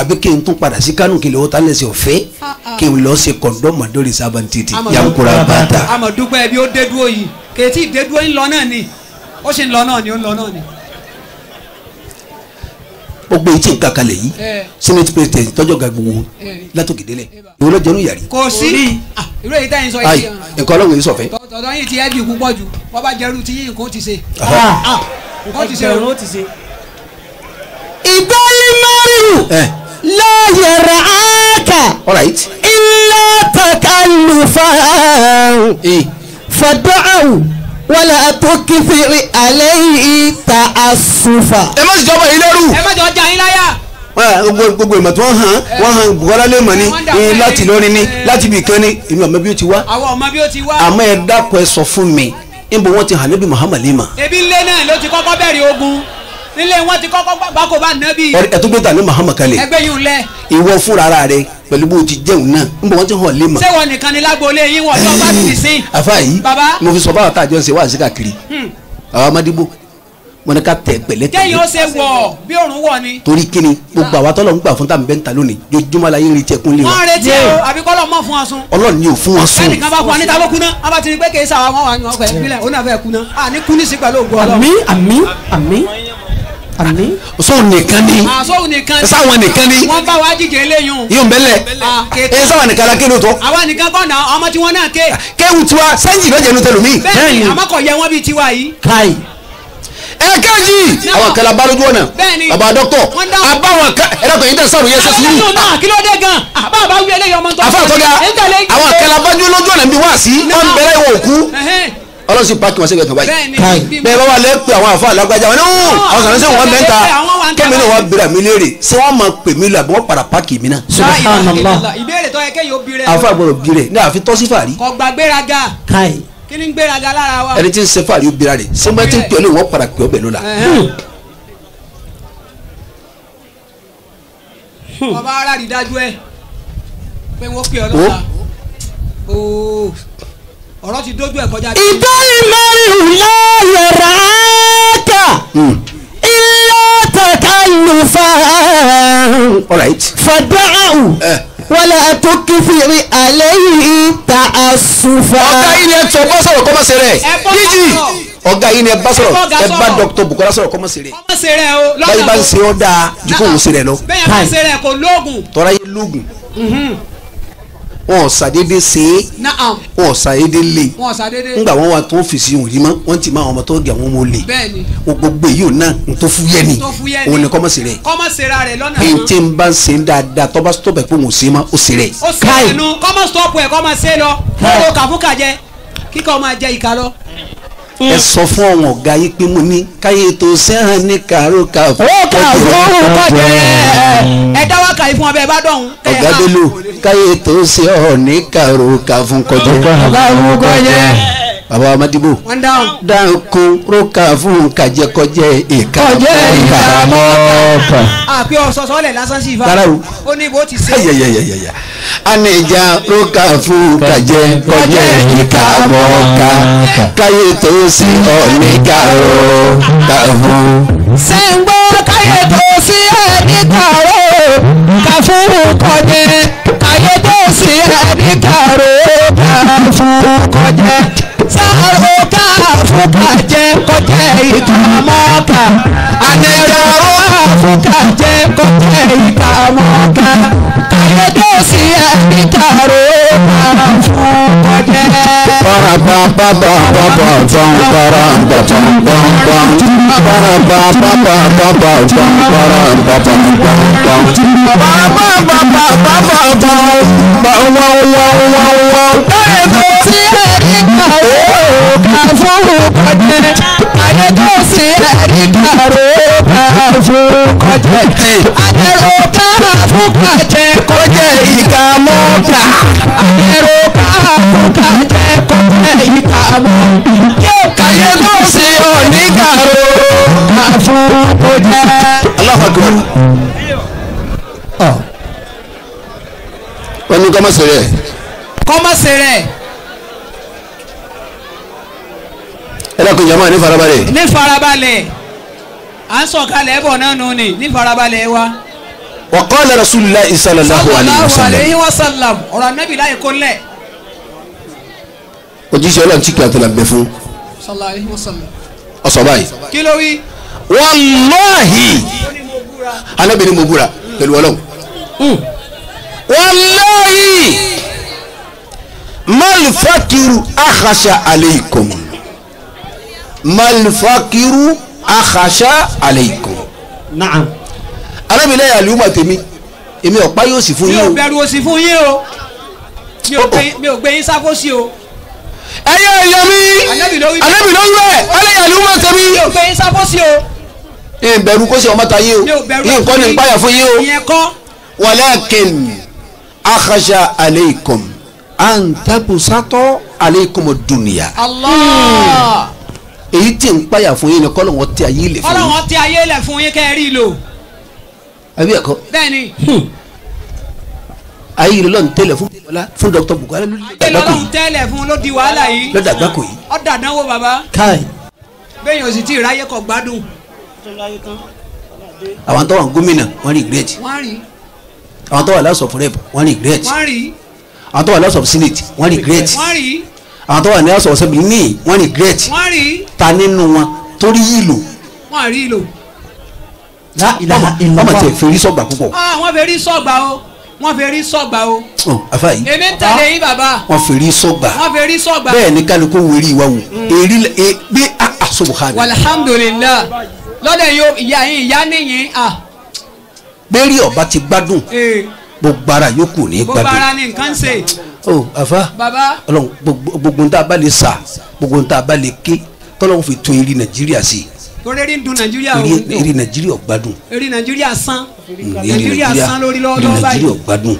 àbí kí n tún padà sí kánò kí n lè wọ́n tánlẹ̀ ọ̀fẹ́ ah, ah. kí n lọ ṣe kọ̀ǹdọ́mọ̀ lórí sábà títì yankura bàtà. àmọ̀dúpẹ́ bí ó dé dúró yìí kèétí ìdédúró ńlọ náà ni ó sì ń lọ náà ni ó ń lọ náà ni. gbogbo etí nǹkan kalẹ̀ yìí eh. senate president tọ́jọ́ ga gbogbo eh. látòkè délẹ̀ ìwé lọ́jọ́ ní yàrá. kò sí ah, irú èyí táyìn sọ yìí. nǹkan ọlọ́run yìí sọ̀fẹ́. tọ̀dọ̀ yìí ti ẹ́bì púpọ̀ jù wọ́n bá jẹ́rú ti yín nǹkan ah, ah, ti ṣe. nǹkan ti ṣe o. ìgbà ìmọ̀rìwò láyé ra áàkà ilé takalufa eh. fàdọ́àwù wala àtòkìfìrì alẹ́ yìí ta àsùnfà. ẹ má sì jọba yìí lẹ́rù. ẹ má jọ jà yín láyà gbogbo ìmọ̀ tí wọ́n hàn wọ́n hàn Bùkọ́lá lè mọ̀ ni láti lórin ni láti ibì kan ni èmi ọ̀mọ bí ó ti wá àmọ́ ẹ dákọ̀ ẹ sọ fún mi níbo wọ́n ti hàn níbi Muhammad lima. ebi ńlẹ náà ló ti kọ́kọ́ bẹ̀rẹ̀ ogun nílé wọn ti kọ́kọ́ bá kó bá nábì. ẹ tún gbé tàbí mahama kalẹ̀. ẹgbẹ́ yìí ń lẹ. ìwọ fúnra rẹ pẹ̀lú bó o ti jẹun náà n bọ̀ wọ́n ti hàn lé ma. sẹ́wọ̀n nìkan ni lágboolé yín wọ̀ tó bá ti sìn. àfa yìí mo fi sọ báwa tá a jọ ń ṣe wá sí káàkiri hmm. àwọn amadibo wọn ni ká tẹ pẹ̀lẹ́ tẹ. kéèyàn ó ṣe wọ bí òrùn wọ ni. torí kíni gbogbo àwa tọ́lọ̀ ń gbà fún tàbí bẹ́ńtà lónìí jojúmọ́ la yín retí ẹkún lé wa. wọ́n retí o àbí kọ́lọ̀ mọ̀ fún wa sun. ọlọ́run ni fún wa sun. ẹnìkan bá fún wa ló kúná a ti rí pé kì í sàwọn ọmọ wa ń yàn ọkọ̀ ẹ̀ ó nà fẹ́ kúná a ní kúní pẹ̀lú ògùn ọlọ́run. àmín àmín àmín àmín. sóun nìkan ni ah, sóun nìkan ni sáwọn nìkan ni. wọ́n bá wa jíjẹ eléyìí. yóò bẹ́lẹ̀ ee ah, sáwọn nìkan la kéwòn tó. àwa nìkan kọ́ na ọmọ tí wọ́n náà ké. kéwù tiwa sẹ́ńjì lọ́jẹ̀ ló tẹ̀lé mi. bẹ́ẹ̀ni àmọ́ kò yẹ wọ́n bíi tiwa yìí. káyì ẹ̀ẹ́kẹ́jì àwọn kẹlẹ́ abálójú ọ̀nà bàbá dọ́kítọ̀ àbáwọn ẹ̀dàkọ̀ yìí tẹ̀ sọ̀rọ̀ yẹn ṣe sùúrù. kí ló dé gan bàbá wíyẹlẹ yọmọ tó. àfàtọ́gà àwọn kẹlẹ́ abájú lójú ọ̀nà bí wọ́n àsí wọ́n bẹ̀rẹ̀ ìwọ̀ òkú ọlọ́run sì pàkì wọn sí ìgbẹ́kan báyìí bẹ́ẹ̀ bá wà lẹ́pẹ́ àwọn àfọ alágbájá wọn níwò àwọn sọ̀rọ̀ sí wọn mẹ́ta kémi náà wọ́n bira mi léèrè ṣé wọ́n máa pè mí lọ àbí padà pàkì mi náà. subhanallah ìbéèrè tó yẹ kéèyàn obìnrin. àfọ àgbọ̀rọ̀ bìrẹ̀ ní àfi tọ́sí fàárí. kò gba gbéraga. kí ni gbéraga lára wa. ẹni tí ń ṣe fàárí ó bira ṣé wọ́n ti ń pè ọ́ ní wọ́n padà pè ọ́ bẹ̀ lọ́la. Hmm. Hmm. ọba ara rí dájú ẹ pé wọ́n pè ọ́ lọ́la ọ̀rọ̀ ti dójú ẹ̀ kọjá. ìdánlè mẹ́rin láyọ̀ rákà hmm. ilé tẹ̀ka lùfà. fàdáhù eh. wọlé ẹtọ kẹfìrí alẹ́ yìí ta àsùnfà. ọ̀gá yìí ni ẹ sọ bọ́ sọ̀rọ̀ kọ́mọ́sẹ̀ rẹ̀ yíjì ọ̀gá yìí ni ẹ bá sọ̀rọ̀ ẹ bá dr bukola sọ̀rọ̀ kọ́mọ́sẹ̀ rẹ̀. kọ́mọ́sẹ̀ rẹ̀ báyìí bá ń ṣe ọ́ dáa ju kó wò ṣe rẹ̀ lọ. bẹ́ẹ̀ bá ń ṣe rẹ̀ kò lóògùn. tọ́ra yìí lóògùn. Mhm wọn ò sàdédé ṣe é wọn ò sàdédé lè ńgbà wọn wà tó ọ́fíìsì òun yìí mọ́ wọ́n ti máa ọmọ tó gẹ̀ wọ́n mọ́ lè gbogbo èyí ò náà n tó ni òun ni kọ́mọ̀sí rẹ̀ èyí tí n bá ń ṣe ń dáadáa tó bá stop ẹ̀ pé òun ṣe é mọ́ ó ṣe rẹ̀ káì. kọ́mọ̀ stop ẹ̀ kọ́mọ̀ ṣe lọ kó kàfúkà jẹ kíkọ́ máa jẹ ìka lọ ẹ mm. sọ fún àwọn ọ̀gá yìí pé mo ní káyé tó sẹ́hàn ní kàró ká fún kọ́jẹ́ mm. ẹ dá wákàtí fún ọbẹ̀ bá dọ̀hún. ọ̀gá Bello káyé tó sẹ́hàn ní kàró ká fún ọ̀gá fún kọ́jẹ́ baba madibo. wọ́n dáhùn. dáhùn kun roka fún kajẹkọjẹ ìka. kọjẹ ìka mọ́ọ̀kà. àpé ọ̀sọ̀sọ̀ lẹ̀ lásán sí ifá. barawu ó ní bó ti ṣe. ayayayaya anija roka fún kajẹ kọjẹ ìka mọ́ọ̀kà káyé tó sí ọ̀nìkà ó kà fún. sẹ́ńgbọ́ káyé tó sí ọ̀nìkà ó kà kọjẹ káyé tó sí ọ̀nìkà ó kà kọjẹ sáàrò káfúkà jẹ́ kọjá ìka mọ́ka àdéhùn àfúkà jẹ́ kọjá ìka mọ́ka ayé tó sì ẹni jàró máa fún ọjẹ́. Para pa pa pa kó jẹ́ ìka mọ́ta ẹ̀rọ káàkókà jẹ́ kó jẹ́ ìka mọ́ta káyé tó ṣe oníkàró àfún kó jẹ́. aláfàgbọ́n wọ́n ní kọ́mọ̀sẹ̀ rẹ̀. ẹ dákun jama ní farabalẹ̀. ní farabalẹ̀ à ń sọ̀kalẹ̀ ẹ̀bọ̀ náà nù ní ní farabalẹ̀ wa wa qala rasulullah sallallahu alayhi wa sallam ọ̀rọ̀ anabi láyé kó lẹ̀. ojúṣe ọlọ́run tí kì í àtọ́lá bẹ fún. sallallahu alayhi wa sallam. ọ̀sọ̀ báyìí. kí ló anabi ni mo búra pẹ̀lú ọlọ́run. Hmm. wàláhì malfakiru aleikum malfakiru akhasha aleikum. naam arábìnrin ẹ̀yà lùmọ̀ tèmi èmi ọ̀pá yóò sì fún yín o. mi ò bẹ̀rù òsì fún yín o mi ò oh, oh. gbé yín sákòsí o. ẹyẹ ẹyẹ mi anábì ló ń bẹ ẹlẹ́yà lùmọ̀ tèmi. mi ò gbé yín sákòsí o. ìbẹ̀rù kó sì ọmọ ta yín o nǹkan ní nǹkan yà fún yín o. walakin akhasha aleikum an tabusatọ aleikum dunuya. Allah. Hmm. èyí tí ń payà fún yín ni kọ́lọ̀ wọn ayé lẹ̀ fún yín. kọ́lọ̀ wọn ayé lẹ̀ fún yín kẹ́ ẹ rí lò àbí ẹ̀kọ́. bẹ́ẹ̀ni. Hmm. ayé yìí lọ́n tẹ́lẹ̀ fún bọ́lá fún dr Bukari ló dàgbà kò yìí. ayé lọ́n tẹ́lẹ̀ fún ló di wàhálà yìí. ló dàgbà kò yìí. ó dàdánwò bàbá. káì. bẹ́ẹ̀ni o sì ti ráyè kọ gbádùn. àwọn tó wà gómìnà wọ́n rí gírẹ́ẹ̀tì. wọ́n rí. àwọn tó wà lásọ̀ fúrẹ́ẹ̀bù wọ́n rí gírẹ́ẹ̀tì. wọ́n rí. àwọn tó wà lásọ̀ sínétì wọ́n rí gírẹ́ẹ̀tì. wọ́n rí. àwọn tó wà lásọ̀ sẹ́bìlì míì wọ́n rí gírẹ́ẹ̀tì. ta nínú wọn torí ìlò. wọ́n rí ìlò ọmọ tẹ fèrè sọgbà púpọ̀. Ah, wọ́n fèrè sọgbà o wọ́n fèrè sọgbà o. afa oh, yi èmi ń tẹ̀lé yín bàbá. wọ́n fèrè sọgbà. wọ́n fèrè sọgbà. bẹ́ẹ̀ ni kálukú wèrè wa wò èrí e- bí a subhanahu. walhamdulillah lọ́dẹ̀ yóò ìyá yín ìyá níyìn a. bẹ́ẹ̀rì ọba ti gbádùn gbogbo ara yòókù ní gbádùn. gbogbo ara ni nǹkan ṣe. o oh, afa Ọlọ́run gbogbo ntá a bá lè sà gbogbo ntá a bá lè ké tọ́lọ́run fi tún eré Nàìjíríà sí i torí eré ń dun nàìjíríà o. eré nàìjíríà gbádùn. eré nàìjíríà san. nàìjíríà san lórí lọ́wọ́ báyìí.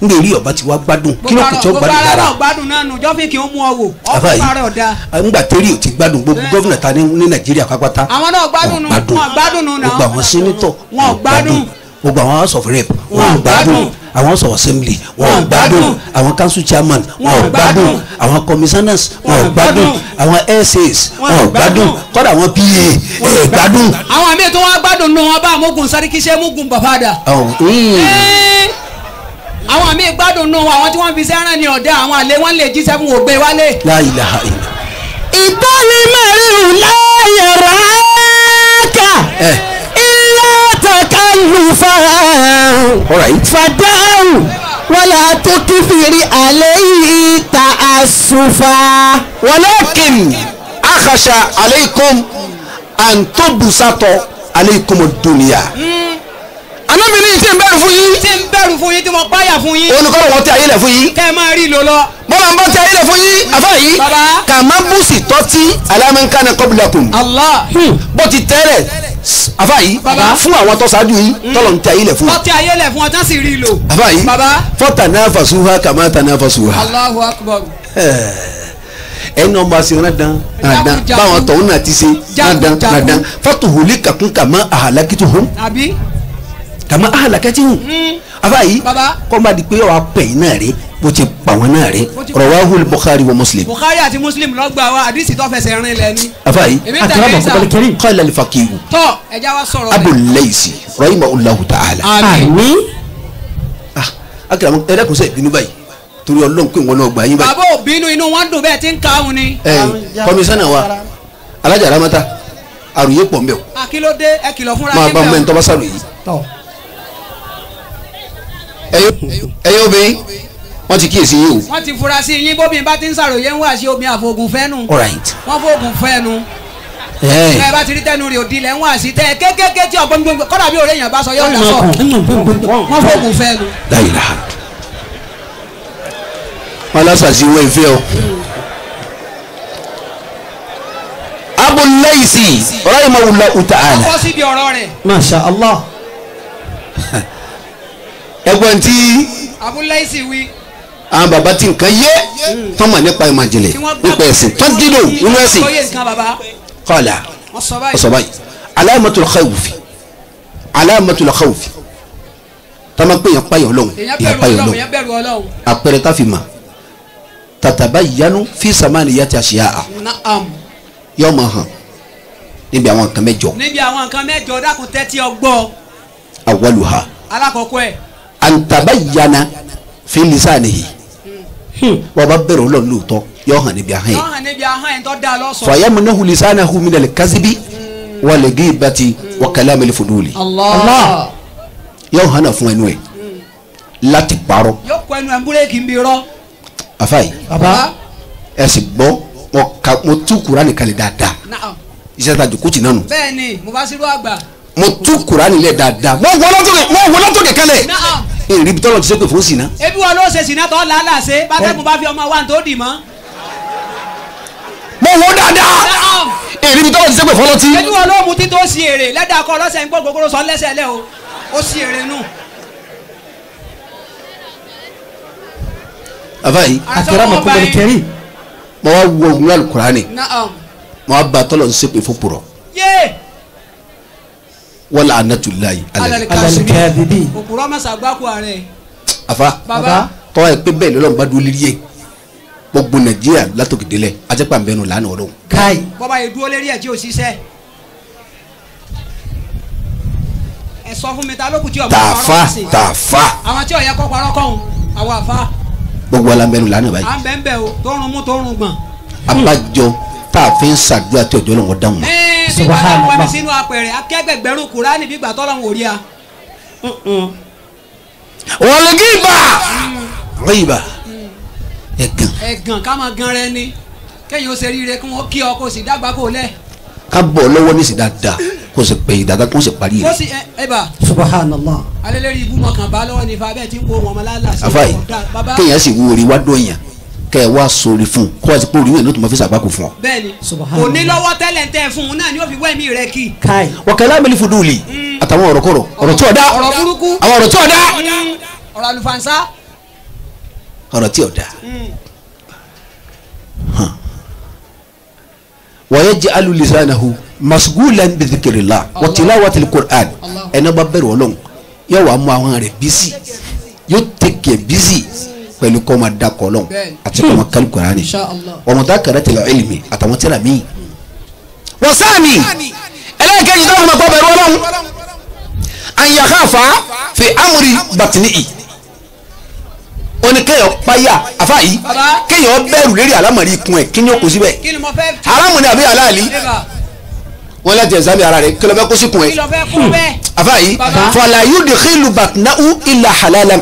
nàìjíríà gbádùn n lè rí ọba tí wàá gbádùn kí ló kù tí ó gbádùn lára. gbogbo gbádùn náà nù jọ́fìn kí ó mú ọ wò ọkọ̀ parẹ́ ọ̀dà. ngbà tẹ́lẹ̀ ò ti gbádùn gbogbo gómìnà ta ní nàìjíríà pápátá. àwọn náà gbádùn nù wọn gbádùn nù náà. gbogbo àwọn sẹ́nitọ̀ wọn gbádùn. gbogbo àwọn house of rep wọn gbádùn àwọn sọ assembly wọn ò gbádùn àwọn council chairman wọn ò gbádùn àwọn commissioners wọn ò gbádùn àwọn essays wọn ò gbádùn kọ́dà àwọn pa ẹ̀ gbádùn. àwọn àmì ètò wọn gbádùn nù wọn bá amógun sáríkíṣẹ́ mógun bàbáàdà. àwọn àmì gbádùn nù àwọn tí wọ́n fi sẹ́ràn ní ọ̀dẹ́ àwọn àlẹ́ wọn lè jí sẹ́fún ògbé wálé. láyìí láyìí. ìtọ́ni mẹ́rin láyẹ̀ rákà takallufa. fadahu wala tukfiri alayhi ta'assufa. walakin akhasha alaykum an tubsata alaykum dunya. anábì ní ìtì ń bẹ̀rù fún yín. ìtì ń bẹ̀rù fún yín tí mo páyà fún yín. olùkọ́ lọ́wọ́ tí ayé lẹ̀ fún yín. kẹ́ ẹ máa rí lò lọ. bọ́lá ń bọ́ tí ayé lẹ̀ fún yín. àfa yìí kà má bùsì tọ́tí alámẹ́ńkánná qablakum. Allah. bó ti tẹ́lẹ̀ àfà yìí fún àwọn tó ṣáájú yìí mm. tọ́lọ̀ ń tẹ ayé lẹ̀ fún wọn. ọtí ayé lẹ̀ fún wọn sì rí i lò. àfà yìí fọ́tà náà fàṣùwà kàmá tà náà fàṣùwà. Allahu Akbar. Eh, ẹnu ọba ṣe rándan rándan báwọn tọ̀hún náà ti ṣe rándan rándan fọ́tò wòlé kàkún kàmá àhàlákìtì hùn kàmá àhàlákìtì hùn. Mm afa yìí kọ́nba di pé ọ̀wá pẹ̀yìn náà rí bó ti pa wọn náà rí rawahul bukhari wa muslim. bukhari àti muslim ló gbà wá àdìsí tó fẹsẹ̀ rin lẹ ni. afa yìí àtàrà bàbá kọ́lẹ̀ kẹrin. qala al-faqihu. tọ́ ẹja wa sọ̀rọ̀ rẹ. abul laysi rahimahullahu ta'ala. àmín. ah akérèmọ ẹ̀rẹ́ kò sẹ́ ìbínú báyìí torí ọlọ́run pé wọn náà gbà yín báyìí. bàbá òbínú inú wọn dùn bẹ́ẹ̀ tí ń kàún ni. ẹ kọmísánná wa alájà ramata àròyé pọ̀ mbẹ́ o. àkìlódé ah, ẹ kìlọ̀ fúnra yín bẹ́ẹ̀ o. máa bá mẹ́ntọ́ bá sàròyé ẹ̀yin obìnrin wọ́n ti kíyèsí yín o. wọ́n ti fura sí yín bóbi bá ti ń ṣàròyé ń wá sí omi àfọ̀gùn fẹ́nu. wọ́n fọ̀gùn fẹ́nu. ẹ bá ti rí tẹnu rẹ̀ òdì lẹ̀ ń wá sí tẹ kékeré tí ọ̀gbọ́n gbogbo kọ́dà bí òrèèyàn bá sọ yóò dà sọ. wọ́n fọ̀gùn fẹ́nu. dáìlà wọn lásàsì wọ ìfẹ́ o. abúlé ìsì rahimahullahu ta'ala. ọkọ síbi ọ̀rọ̀ rẹ̀. masha allah. ẹgbọ́n tí. abúláìsì wí. àwọn bàbá tí nǹkan yé tán mà nípa ìmọ̀ àjèlè nípa ẹ̀sìn tán dídò nínú ẹ̀sìn. kọ́ọ̀lá ọ̀sọ̀ báyìí alámatul khawfi alámatul khawfi tọ́mọ pé yẹn payọ̀ lọ́wọ́ yẹn payọ̀ lọ́wọ́ àpẹẹrẹ tá fi mà tàtàbá yanu fi samani yàtì àṣìyà à yọ ọmọ hàn níbi àwọn nǹkan mẹ́jọ. níbi àwọn nǹkan mẹ́jọ dákun tẹ́tí ọgbọ́. awaluha. alakoko ẹ antabayana fi lisanihi wọ́n bá bẹ̀rẹ̀ ọlọ́run lóòótọ́ yóò hàn níbi ahọ́n yẹn fayamunahu lisanahu minal kazibi wal gibati wa kalamil fuduli Allah yóò hàn náà fún ẹnu ẹ̀ láti parọ́. yóò kọ ẹnu ẹ̀ ń búrẹ́kì ń bi rọ́. àfàyè ẹ sì gbọ́ mo tú kurani kalẹ̀ dáadáa iṣẹ́ ta jòkó tì nánu. bẹ́ẹ̀ni mo bá sírú kurani lẹ̀ dáadáa mo wọlọ́tò de kalẹ̀ èrè ibi tọ́lọ̀ ti ṣépè fún sìnà. ebi wọn ló ṣe sìnà tó làálà ṣe bàtẹ́kùn bá fi ọmọ wa tó dì mọ́. mo wo dáadáa èrè ibi tọ́lọ̀ ti ṣépè fún ọlọ́tí. ebi wọn ló mu tí tó ṣe èrè lẹ́dàá kọ́ ọlọ́sẹ̀ ń gbọ́ gbogbo sọ lẹ́sẹ̀ lẹ́ o ó ṣe èrè nù. àbáyé àkẹ́rẹ́ mọ̀ kọ́kọ́ kẹ́rì. mo wá wọ ogun alukurani mo wá ba tọ́lọ̀ ń ṣépè fún pùrọ̀. yéé wala anatulayi alalikasibi òkúrọ masa gbàkú ààrẹ. afa baba tọ́wọ́ ẹ pé bẹ́ẹ̀ lọ́lọ́run bá dúró lérí yẹ gbogbo nàìjíríà látòkè délẹ̀ ajẹ́pà mbẹ́nu làánà ọ̀rọ̀. káyì. bọ́ba yìí dúró lérí ẹ̀ tí o ṣiṣẹ́. ẹ sọ fún mi ta ló kù tí ọmọ ọmọ ọmọ ṣe. tàfà tàfà. àwọn tí ọ̀yẹ́ kọ́ parọ́ kọ́hún àwọn àfa. gbogbo ala mbẹ́nu làánà báyìí. à ń bẹ́ẹ̀ bẹ́ẹ̀ o tó rún mú tó rún gbọ̀n. abájọ tá a fi o ṣàdúrà tí ọjọ́ lọ́wọ́ dáhùn. ẹ subahana wa. sínú apẹ̀rẹ̀ akẹ́gbẹ̀gbẹ̀rún kúránì bí gbàtọ́ lọ́hùn òrí a. wọ́n gí ibà wọ́n ibà ẹ̀gàn. ẹ̀gàn ká máa gan rẹ ni kéyìn ó ṣe ríire kí wọ́n kí ọ kó sì dágbà kó lẹ̀. ká bọ̀ lọ́wọ́ ní sì dáadáa kó sì pè é dáadáa kó sì parí rẹ̀. kó sì ẹ bà. subahánàlá. alẹ́ lórí ibú mọ̀kàn lọ́wọ́ nífa bẹ́ẹ̀ tí ń wo wọn ọmọ lálàsì. àfáì kéèyàn sì wú orí wá dóyàn kẹ ẹ wá sórí fún un kó wá sí pé orí yẹn ló tún máa fi ṣàgbákò fún ọ. bẹ́ẹ̀ni kò ní lọ́wọ́ tẹ́lẹ̀ tẹ fún un náà ni ó fi wẹmí rẹ kí. káì wọkẹ lámìlì fún dùlì mm. àtàwọn ọ̀rọ̀ kọ̀rọ̀ ọ̀rọ̀ tí ọdá ọ̀rọ̀ burúkú àwọn ọ̀rọ̀ tí ọdá ọ̀rọ̀ àlùfànṣá ọ̀rọ̀ tí ọdá. wọ́n mm. yẹ jẹ́ alùlísànàhù masugulan bìtìkìrìlá wọ́tìláwàtìlì kùrán ẹ̀ná bá bẹ̀rù ọlọ́run yóò wá mú àwọn rẹ̀ bísí yóò tẹ̀kẹ̀ bísí pẹ̀lú kọ́ máa dakọ̀ lọ́wọ́ àti kọ́ máa kálí Kùránì ọmọ tá a kẹrẹ tẹ̀lé ilmi àtàwọn tẹ̀lé mi. wọ́n sáàni ẹlẹ́ẹ̀kejì tó ń gbọ́ bẹ̀rù ọlọ́run àyàkáfa fi amúri bàtìní ì oni kéèyàn páyà àfa yìí kéèyàn bẹ̀rù lérí alámọ̀rí ikun ẹ̀ kí ni ó kó síbẹ̀ haramu ni àbí aláàlí wọn láti ẹ̀sán mi ara rẹ̀ kí ló fẹ́ kó síkun ẹ̀ àfa yìí fàlàyé dèkìlù bàtìnáwó ìlà halalan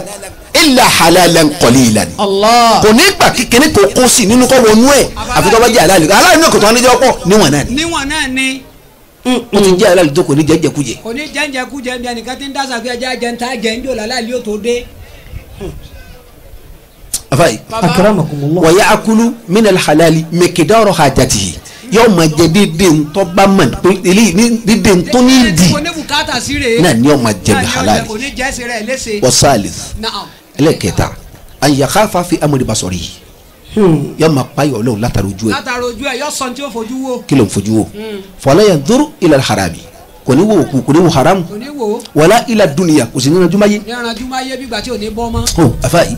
illa halalan qalilan kò ní gbà kékeré kò kó sí nínú kọ́ wọnú ẹ̀ àfi tó bá jẹ́ halal halal náà kò tó wá ní jẹ́ ọkọ̀ níwọ̀n náà ni. níwọ̀n náà ni. Mm, o ti jẹ́ halal tó kò ní jẹ́ jẹkújẹ. kò ní jẹ́ jẹkújẹ bí ẹnìkan ti ń dáṣà pé ajá jẹ ń ta jẹ ń jò lálẹ́ yóò tó dé. afayi akramakumullah wa ya'kulu min al-halali miqdara hajatihi yóò máa jẹ dídéhùn tó bá mọ̀ pé eléyìí dídéhùn tó ní ìdì náà ni yóò máa jẹ bí halali wasalis ẹlẹ́kẹta àyàká fàáfi amúdi basọ̀rì yìí hmm. yọ máa payọ̀ lọ́wọ́ látara ojú ẹ̀ látara ojú ẹ̀ yọ sọ ní tí ó fojú wo kí ló ń fojú wo hmm. fọlẹ́ yẹn dúró ilẹ̀ harami kò ní wo òkú kò ní wo haram wàlá ilẹ̀ dunuya kò sí ní ọjọ́ máyé. ní ọjọ́ máyé bí gbàtí ò ní bọ́ mọ́. o oh, afa yìí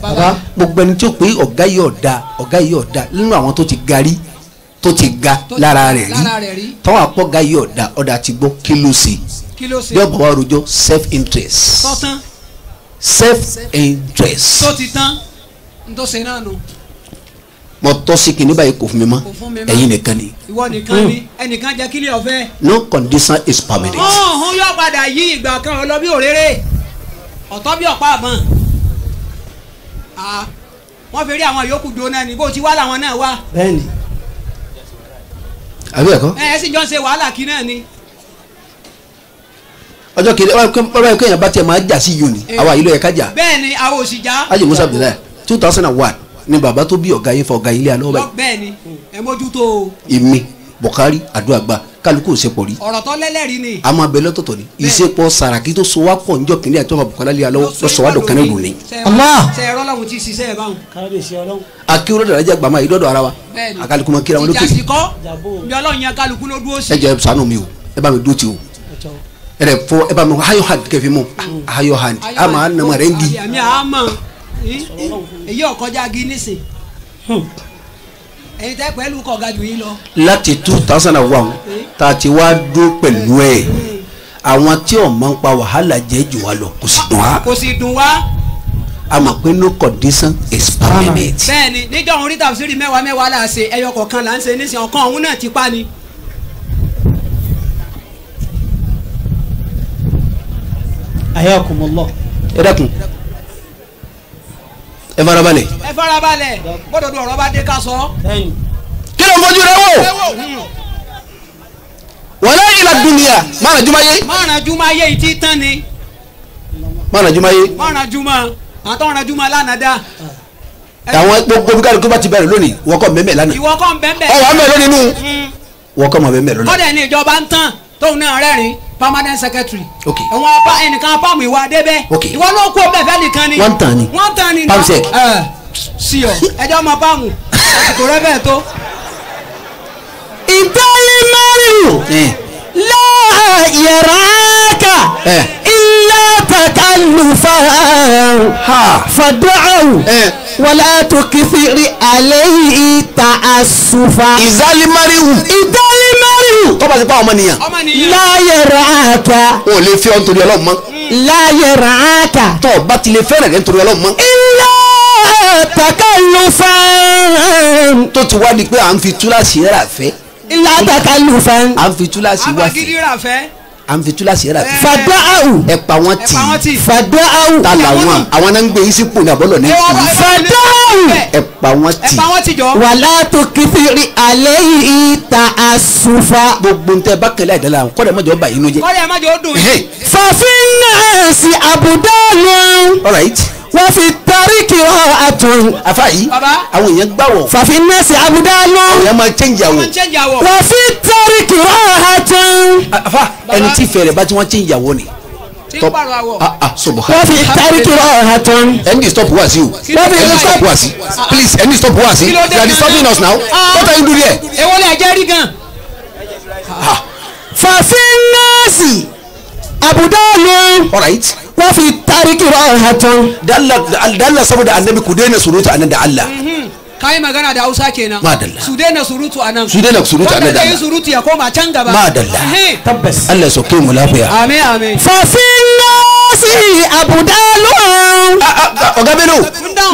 gbogbo ẹni tí ó pé ọ̀gá yìí ọ̀dà ọ̀gá yìí ọ̀dà nínú àwọn tó ti garí tó ti ga lára rẹ̀ rí tọ́wọ́ àpọ̀gá yìí ọ̀dà ọ̀dà ti gbọ́ kí ló ṣe bí ọ̀bọ̀ wa rojọ́ self self interest. tó ti tán n tó ṣe náà nù. mo tọ́ sí kìnìún báyìí kò fún mi mọ́ ẹ̀yin nìkan ni. ìwọ nìkan ni ẹnìkan jẹ́ kílẹ̀ ọ̀fẹ́. no condition is permanent. ọ̀hún yóò padà yí ìgbà kan lọ bí òréré ọ̀tọ́ bí ọ̀pá àbọ̀n wọ́n fi rí àwọn yòókù jóná ni bó ti wá làwọn náà wá. bẹ́ẹ̀ni àbí ẹ̀kọ́. ẹ ẹ sì jọ ń ṣe wàhálà kí náà ni ọjọ́ kejì bàbá yìí kéèyàn bá tiẹ̀ máa jà sí yìí ni àwa yìí ló yẹ ká jà. bẹ́ẹ̀ni àwọn òsì já. ajé musa abdullahi two thousand and one ni bàbá tó bí ọ̀gá yín fọ ọ̀gá yín lé alọ́ báyìí. bẹ́ẹ̀ni ẹ mójútó o. èmi bukari aduagba kálukú ò rí. ọ̀rọ̀ tó lẹ́lẹ́rìí ni. a máa bẹ lọ́tọ̀tọ̀ ni. ìsepọ̀ saraki tó so wá pọ̀ njọ́ kìnìún àti ọmọ bukala lé alọ́ lọ sọ wá dọ̀ kánẹ́ lónìí. sẹ̀rọ làwọn ti ṣiṣẹ́ ẹ̀ báwọn. kábíyèsí ọlọ́run. akérò dàrá jẹ́ gbàmà ọlọ́run yẹn kálukú ló dúró yɛrɛ fɔ e b'a mɛn ko hayo hand kɛfɛ mu hayo hand a ma an nama rɛ ngi. ami a ma èyí ọkọjá gi nísìn hmm. ẹyin tẹ pẹ̀lú kọga jù yín lọ. láti two thousand and one eh? tá ti wá dún pẹ̀lú ẹ̀ eh. àwọn tí ò máa ń pa wàhálà jẹ́ jù wá lọ kò sì dùn wá. kò sì dùn wá. a mọ̀ pé no condition is permanent. bẹ́ẹ̀ni níjọ́ òun rí tàbí sí rí mẹ́wàá la ṣe ẹyọ kọ̀ọ̀kan là ń ṣe nísìnyí ọ̀kan òun náà ti pa ni. ayakumullah. ẹ dákun ẹ farabalẹ̀. ẹ farabalẹ̀ gbọ́dọ̀ bí ọ̀rọ̀ bá dé ká sọ. kí ló ń fojú rẹ wò. wọlé ìlà dunya márùn jumaye. márùn jumaye ìtì tán ni. márùn jumaye. márùn juma àtọ̀ràn juma lánàá àwọn gbogbo bí káàdì kó bá ti bẹ̀rẹ̀ lónìí wọ́kọ̀ mẹ́mẹ́ lánàá. ìwọ́kọ̀ mẹ́mẹ́. ọwọ́ mẹ́ lónìí nù. Hmm. wọ́kọ̀ mọ̀ mẹ́mẹ́ lónìí. kọ́dẹ̀ ni ìjọba ń tán tóun náà rẹ́rìn-ín permanent secretary. ok ẹ̀wọ̀n apá ẹnìkan apá mi wá débẹ̀. ok ìwọ ló kó bẹ́ẹ̀ fẹ́ẹ́ nìkan ni. wọ́n tàn ni wọ́n tàn ni. ẹ sí ọ ẹjọ́ máa bá àsìkò rẹ bẹ́ẹ̀ tó. ìtàlí mẹ́rìnù láàyèrákà ilé tàkàlùfà fàdúràwù wàlá tó kìfìrí àlẹ́ yìí ta àsùfà. ìzálí mẹ́rìnù. ìtàlí tó bá ti pa ọmọnìyàn. láyé ra ata. wọn ò lè fẹ́ ọ nítorí ọlọ́run mọ́. láyé ra ata. tó o ti lè fẹ́ràn rẹ nítorí ọlọ́run mọ́. ilé takalufan. tó ti wá di pé à ń fi túláàsì rà fẹ́. ilé takalufan. à ń fi túláàsì wá fẹ́ anfitula sera eh. ti. fada awu. Eh, ẹ pa wọn ti. fada awu. ta la wọn àwọn náà ń gbé isi kò ní abọ́lọ̀ ní ìlú. fada awu. ẹ pa wọn ti. ẹ pa wọn ti jọ. wàlá tó kìfìrí alẹ́ yìí ta a sunfa. gbogbo ntẹ bá kẹlẹ àdàlà àwọn kọ́dà mọ́jọ bá yín nú jẹ. kọ́dà dùn. fàfin náà sí àbùdá lọ. all right wọ́n fi tàríkì rọ àtún. afa yìí àwọn èèyàn gbà wọ. fàfin nẹ́ẹ̀sì abudanu. èèyàn máa change àwọ̀. wọ́n fi tàríkì rọ àtún. afa ẹni tí fẹ̀rẹ̀ bá tí wọ́n change àwọ̀ ni stop ah ah subahana. wọ́n fi tárìkì ọ̀hà tán. ẹni stop wá sí o. ẹni stop wá sí. please ẹni stop wá sí. you are disturbing us now. Ah. what are you doing here. èwo lè jẹ́ rí gan. Ah. fàfin nọ́ọ̀sì àbùdá ọ̀lù. all right. wa fi tariki ra'ahatun dalla saboda annabi ku daina surutu anan da Allah mhm. kai magana da Hausa kenan madalla su daina surutu anan su daina surutu anan da Allah surutu ya koma can gaba madalla mhm. tabbas Allah ya sauke mu lafiya amin amin fa sí àbùdálù ọ̀hún. ọ̀gá bello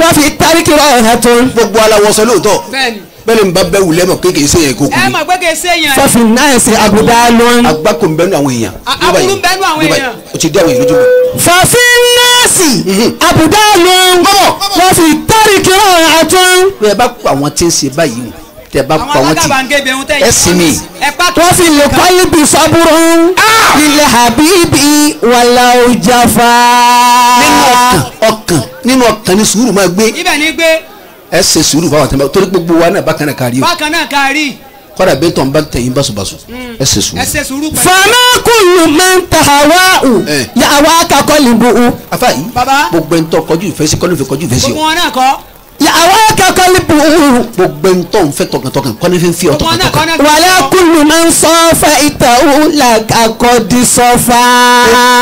wọ́n fi tárìkì rọ̀ ẹ̀hẹ́ tó. gbogbo aláwọ̀sọ lóòótọ́. bẹ́ẹ̀ni. bẹ́ẹ̀ni nba bẹ́ẹ̀ wulẹ̀ mọ̀ kéèké se yẹn kókò. ẹ mọ̀ kéèké se yẹn. fọfin n'a yẹ se aguda lọn. agbako n bẹ àwọn èèyàn. aburú bẹ nu àwọn èèyàn. o ti di àwọn èèyàn lójú. fọfin nọọsi aguda lọn wọfi tari kiri àtún. bẹ́ẹ̀ bá kó àwọn tí ń ṣe báyìí o tẹ bá pa wọn ti ẹ sinmi. wọ́n fi lè pálí bí sábúrò ilẹ̀ ah! habibi wàlà òjàfà. nínú ọkàn ọkàn nínú ọkàn ni sùúrù máa gbé. ibẹ̀ ni gbé ẹ ṣe sùúrù fáwọn tẹmẹ torí gbogbo wa náà bákan náà kárí o bákan náà kárí kọ́dà bẹ́ẹ̀ tọ̀ ń bá tẹ̀yìn báṣubàṣu hmm. ẹ ṣe sùúrù. famakulu máa ń ta àwa ò yà àwa kakọ́ lè bo o. afa yìí gbogbo ẹ̀ ń tọ́ kọjú ìfẹ́ sí kọ́lù ìfẹ́ kọjú ìfẹ́ sí o. gbogbo wọn náà kọ́ yàwó kẹ́kọ̀ọ́ libu. gbogbo ń tọ́ ń fẹ́ tọkàntọkàn fi fi ọ̀tọ̀ tọkàn. wàlẹ́ kùlù máa ń sọ fẹ́ ìtẹ̀ òwúlà sọ fà.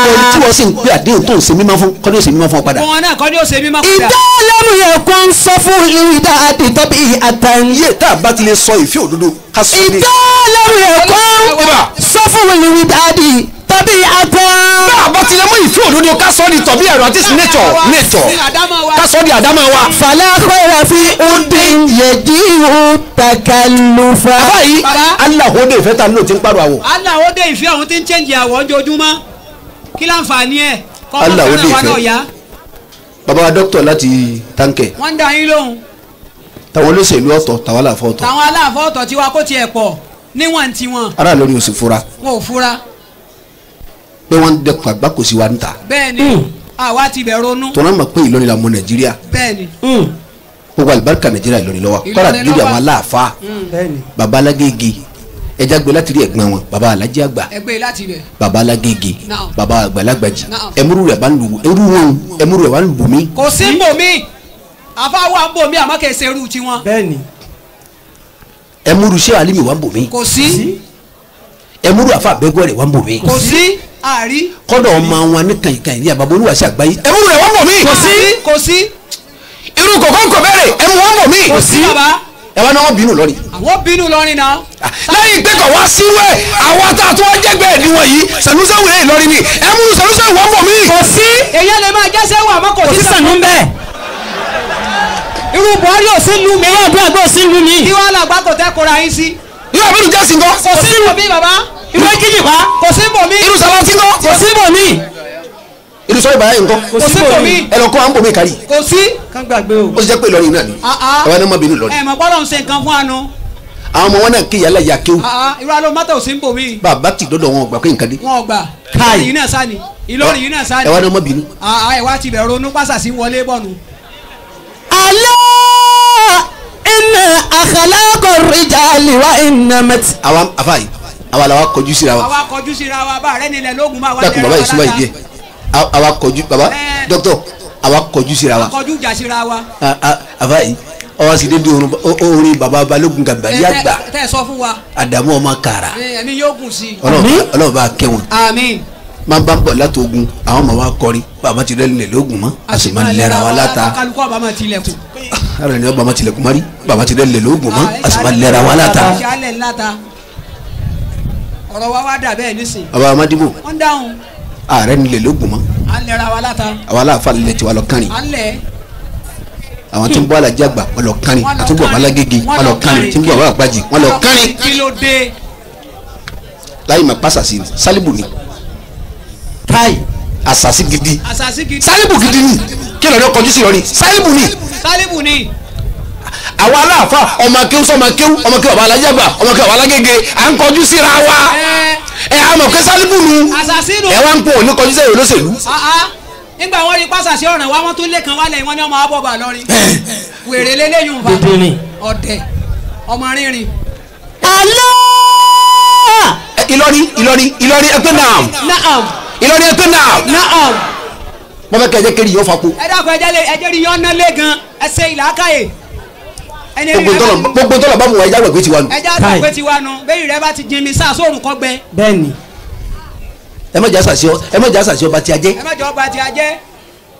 olú tí wọ́n sì ń pè àdéhùn tó ń ṣe mímọ́ fún kọ́ni ó ṣe mímọ́ fún ọ padà. wọn náà kọ́ni ó ṣe mímọ́ padà. ìdá lẹ́nu yẹ kó ń sọ fún ìdá àdìtọ́bí àtàlẹ́. iye tọ́bí àtọ́. bá a bọ́ tilẹ̀ mú ìfẹ́ òdodo ká sọ di tọ́bí ẹ̀rọ àti nature nature ká sọ di àdámọ́ wa. fàlẹ́ akọ́yẹ̀rẹ́ fi ọdẹ yẹ̀dí takalufa. báyìí aláhóde ìfẹ́ ta ló ti ń pàrọ̀ àwọ̀. aláhóde ìfẹ́ ọ̀hún ti ń chẹ́ǹjì àwọ̀ ojoojúmọ́ kí láǹfààní ẹ̀ kọ́ ọmọ fẹ́ràn wa náà yá. bàbá dókítà láti táǹkẹ̀. wọ́n ń dá yín lóhùn. olóṣèlú ọ̀tọ̀ táwọn aláàfọ̀ ọ̀tọ̀. táwọn aláàfọ̀ ọ̀tọ̀ tiwa kó tiẹ̀ pọ̀ níwọ̀n tiwọn. ara lórí ó sì fura. wọn ò fura pé wọ́n ń dẹkùn àgbákò sí wa níta. bẹ́ẹ̀ni hmm. àwa ti bẹ ronú. tọ́lá mọ̀ pé Ìlọrin la mọ Nàìjíríà. bẹ́ẹ̀ni hmm. gbogbo àlùbáríkà Nàìjíríà Ìlọrin lọ́wọ́ kọ́ra lórí àwọn aláàfáà hmm. baba alágége ẹja gbé láti rí ẹ̀gbọ́n wọn baba alájí àgbà baba alágége baba àgbàlagbàjì ẹmúrú rẹ̀ bá ń lu ẹrú wọn ẹmúrú rẹ̀ bá ń lù mí. kò sí bòmí àfáwà ń bòmí àmọ́ kẹsẹ̀ rú tiwọn. bẹ́ẹ̀ni ẹmúrú sẹ́wàá lè mi wá bòmí. kò sí ẹ múlò àfa àbẹ́gọ́ rẹ̀ wá ń bò mí. kò sí àrí. kọ́dọ̀ ọmọ wọn ní kàyìnkàyìn ní àbábọ̀ olúwa sí àgbáyé ẹ múlò rẹ̀ wá ń bò mí. kò sí kò sí. irú kòkó ń kò bẹ̀rẹ̀ ẹ mú wá ń bò mí. kò sí bàbá. ẹ wá náà wọ́n bínú lọ́rin. àwọn bínú lọ́rin náà. Ah, lẹ́yìn pé kò wá síwẹ̀ àwọn àtàtún ọjẹ́gbẹ́ ìdíwọ̀n yìí sànúsẹ́wò yẹn lọ́rin ni ẹ mú sànúsẹ́wò wá ń bò mí. kò sí. èyí lè máa jẹ́ sẹ́wọ̀n àmọ́ kò sí sànú bẹ́ẹ̀ irú buhari ò irú ejiji pa kò sí bò mí irú sọlá ti kọ kò sí bò mí irú sọlá ìbára yìí nkọ kò sí bò mí ẹnì kan à ń bò mí kárì kò sí kán gbàgbé o ó sì jẹ́ pé Ìlọrin náà ni ah, ah. àwọn ẹni ọmọ bìnrin Ìlọrin ẹ̀ mọ̀ gbọ́dọ̀ ń ṣe nǹkan fún àánú àwọn ọmọ wọn náà kí yàrá yà kéwù. irú àlọ́ mọ́tò sí ń bàbá ti dọ́dọ̀ wọn gbà pé nǹkan dé. wọn gbà káyì sani Ìlọrin yìí náà sani. ẹ wá ní ọmọ bínú. Ah, ẹ ti bẹ̀rẹ̀ ronú pàṣàsí wọlé bọ́nu. alẹ́ iná àkàlà kò rí jà àfáà yìí àwa la wa kọjú síra wa. àwa kọjú síra wa bá rẹ nílẹ̀ lóògùn máa wá jẹrẹ wa láta. dákun bàbá yìí àwa kọjú bàbá dókítà àwa kọjú síra wa. kọjú jà síra wa. àbá yìí ọwọ́ sì dédé orin bàbá balógun gàmbàlì àgbà. tẹ sọ fún wa. àdàmú ọmọ kàrà. ẹ̀mí yóò gùn sí. ọlọ́run bá kẹ́wọn. àmín máa bá ń bọ̀ látogun àwọn ọmọ wa kọrin bàbá ti rẹ́lẹ̀ lógun mọ́ a sì máa lẹ́ra wa láta. kálukọ́ bàbá ti lẹ̀kùn. ara ni bàbá ti lẹ̀kùn mari bàbá ti rẹ́lẹ̀ lógun mọ́ a sì máa lẹ́ra wa láta ọ̀rọ̀ wa wá dà bẹ́ẹ̀ nísìn. baba amadibo. wọ́n dáhùn. ààrẹ nílẹ̀ ló gùn mọ́. à ń lẹ́ra wa láta. àwa aláàfáà nílẹ̀ tiwa lọ kánrin. à ń lẹ̀. àwọn tí ń bọ́ alájà gbà wọ́n lọ kánrin àti bọ̀ balagége wọ́n lọ kánrin tí ń bọ̀ balàgbàjì wọ́n lọ kánrin. kí láyé ma pàṣà sí sálíbù ni. káyì. àṣàṣì gidi. àṣàṣì gidi. sálíbù gidi ni kí lọ́dọ̀ kọjú sí lọ́rin sálíbù ni. sálíbù ni àwa aláàfà ọmọ akéwù sọmọ akéwù ọmọ akéwù bàbá alájàgbà ọmọ akéwù bàbá alágége à ń kọjú síra wa eh. ẹ àmọ̀ kẹsàlíbùnú ẹ wá ń pọ̀ ní kọjú sẹ́yìn olóṣèlú ah, ah. nígbà wọn rí pásàsì ọ̀ràn wa wọn tún lé kan wálẹ̀ wọn ni ọmọ abọ́bà lọ́rin eh. wèrè lélẹ́yìn va ọ̀dẹ̀ ọmọ rínrin. alọ́. Eh, Ìlọrin Ìlọrin Ìlọrin ẹgbẹ́ naam Ìlọrin ẹgbẹ́ naam. wọ́n fẹ́ kẹ́ ẹ jẹ́ kiri yóò fa po. ẹ dákun ẹ jẹ́ rí yọ́n ná lé gan ẹ ṣe ìlàkàyè gbogbo tọ́lọ̀ bá mu wa ẹja gbàgbé tiwa nù. ẹja gbàgbé tiwa nù bẹ́ẹ̀ rẹ bá ti jin mi sáà sóòrùn kọ́ gbẹ. bẹ́ẹ̀ni. ẹ má jásà sí ọ ẹ má jásà sí ọba tí a jẹ. ẹ má jọ ọba tí a jẹ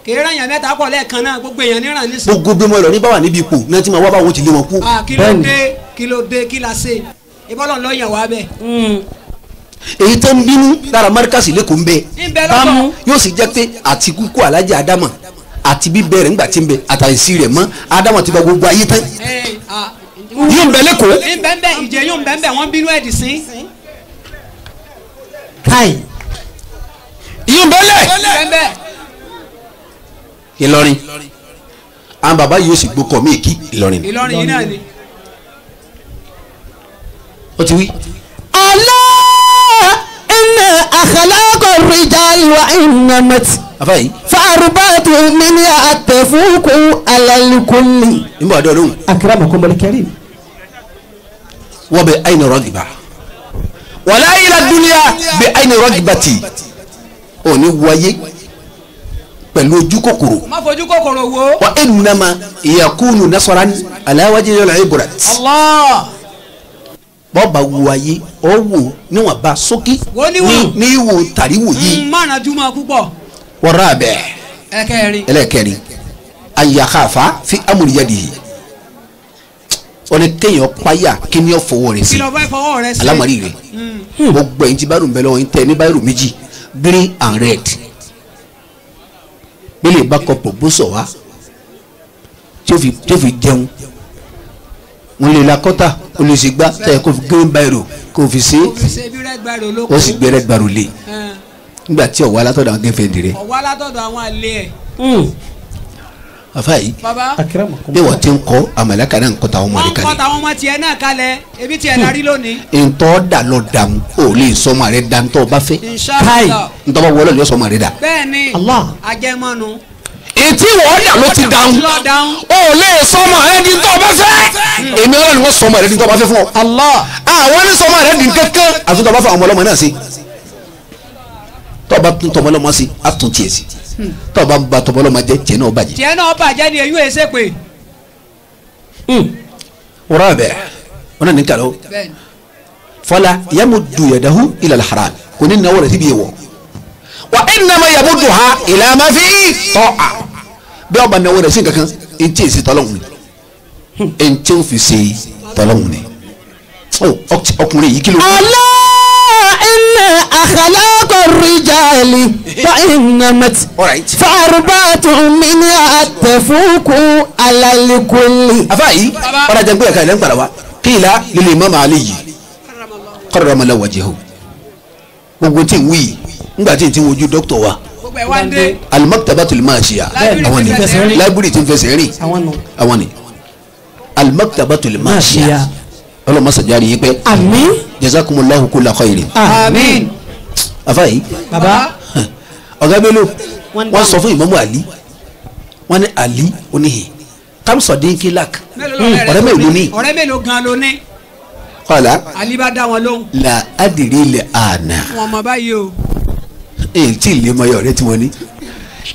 kì í ràn yàn mẹ́ta pọ̀ lẹ́ẹ̀kan náà gbogbo èèyàn níran ní sùn. gbogbo bímọ ìrọ̀lẹ́ bá wà níbi ipò náà tí ma wá bá wọn ti lé wọn kú. kí ló dé kí ló dé kí la ṣe ìbọ́lọ̀ lọ yàn wá bẹ́ẹ̀. Hmm. èyí tó ń bínú lára márkàsì lẹ́kọ̀ọ́ ń bẹ bámu yóò sì jẹ́ pé àtikúkú alájà ádámà àti bíbẹ̀rẹ̀ ńgbà tí ń bẹ àtàyèsí rẹ̀ mọ́ ádámù àti bá gbogbo ayé tán yóò ń bẹ lẹ́kọ̀ọ́. ìbẹ́ńbẹ́ ìjẹ́ yóò ń bẹ́ńbẹ́ wọ́n bínú ẹ̀dì sí. káì yóò ń bẹ́lẹ̀. Ìlọrin àwọn bàbá yóò sì gbókọ̀ mí kí Ìlọrin. Ìlọrin yìí náà ni. ó ti wí. Allah inna akhlaqa rijal wa inna mati àfáyí. fàrùbáàtù mi ni àtẹ̀fúnkù alalikunmi. nígbà wàá dọ̀lóhùn. akira mọ̀kànbọ̀lì kẹrin. wọ́n bẹ àyìn rọ́gìbà wàlá ìlà dúnìyà bẹ àyìn rọ́gìbà tì ò ní wáyé pẹ̀lú ojú kòkòrò. má fojú kòkòrò wo. wa ìnàmà ìyàkúnù nasara ni aláwájú yọlọ ìbúra. Allah bọ́ọ̀bà wo ayé ọ̀ wò níwọ̀nba sókí ní ìwò tàríwò yìí. Hmm, mọ̀nà jùmọ̀ púpọ̀ warabe ẹlẹ́kẹ̀rin ayakafa fi amuliyadi, ọ̀nà téèyàn páyà kí ni yóò fọwọ́ rẹ̀ sí alámọ̀rí rẹ̀ hmm. Hmm. gbogbo ẹ̀yìn tí báyìí ń bẹ lọ́wọ́ yín ní báyìí méjì green and red bílẹ̀ bá kọ proposal wa tí ó fi tí ó fi jẹun wọn lè la kọ́tà olùsìgbà tẹ̀ kó fi green báyìí kó fi ṣe é sì gbẹrẹ gbàrò lé. Hmm nígbà tí ọ̀wá látọ̀dọ̀ àwọn gẹ́fẹ́ dìre. ọ̀wá látọ̀dọ̀ àwọn àlè ẹ̀. afa yi bí wọ́n ti ń kọ́ àmàlàkà náà ń kọ́ tàwọn ọmọdé kalẹ̀. wọ́n ń kọ́ tàwọn ọmọ tiẹ̀ náà kalẹ̀ ebi tiẹ̀ darí lónìí. Hmm. ntọ́ da lọ dàmú o lè sọmọ rẹ dàmú tọ́ o bá fẹ́. káyì ntọ́ bá wọlé lọ sọmọ rẹ dà. bẹ́ẹ̀ni ajẹmọnu. ètí wọ́n dà ló ti dàmú o lè sọmọ rẹ di ntọ́ bá fẹ́. èmi ọlọ́run ni wọ́n sọmọ rẹ di ntọ́ bá fẹ́ fún ọ. àwọn ah, ní sọmọ rẹ di kankan àfi tọ́ bá fẹ́ àwọn ọmọ tọ́ba tún tọmọlọ́mọ sí a tún tiẹ̀ sí hmm. tọ́ba ń ba tọmọlọ́mọ jẹ́ tiẹ̀ náà bàjẹ́. tiẹ̀ náà bàjẹ́ ni èyí ò ṣe pé. Hmm. wúrọ̀ bẹ̀ wọn náà ní kàlọ́ fọlá yamuddu yadahu ilal haram kò ní náwó rẹ̀ síbi ìwọ̀ wa innama yamudduha ila ma fi tọ́ a bẹ́ẹ̀ ọba náwó rẹ̀ sí kankan etí èsì tọ́lọ́hùn ni etí hmm. òfin ṣe tọ́lọ́hùn ni ọkùnrin yìí kí ló. فإن أخلاق الرجال فإنمت فأربعة منها التفوق على الكل أفاي ولا تنقول كان لنقرأ قيل للإمام علي قرم له وجهه gbogbo tí n wí ngbà tí n ti wojú dókítà wa alimaktabatul maasiya àwọn ni láìbírì tí n fẹsẹ̀ rìn àwọn ni alimaktabatul maasiya ọlọ́run mọ́sá jáde yín pẹ́. àmín. jazakumullahu kulla khairin. àmín. àfa yìí. baba. ọ̀gá bello wọ́n sọ fún ìmọ̀mù àlí wọ́n ní àlí oníhìn kamsọ̀dín kílák ọ̀rẹ́ mélòó ní. ọ̀rẹ́ mélòó gan ló ní. kọ́lá. àlí bá dá wọn lóhùn. la adìrí lè àná. wọn mọ báyìí o. èyí tí ì lè mọ ọ̀rẹ́ tí wọ́n ní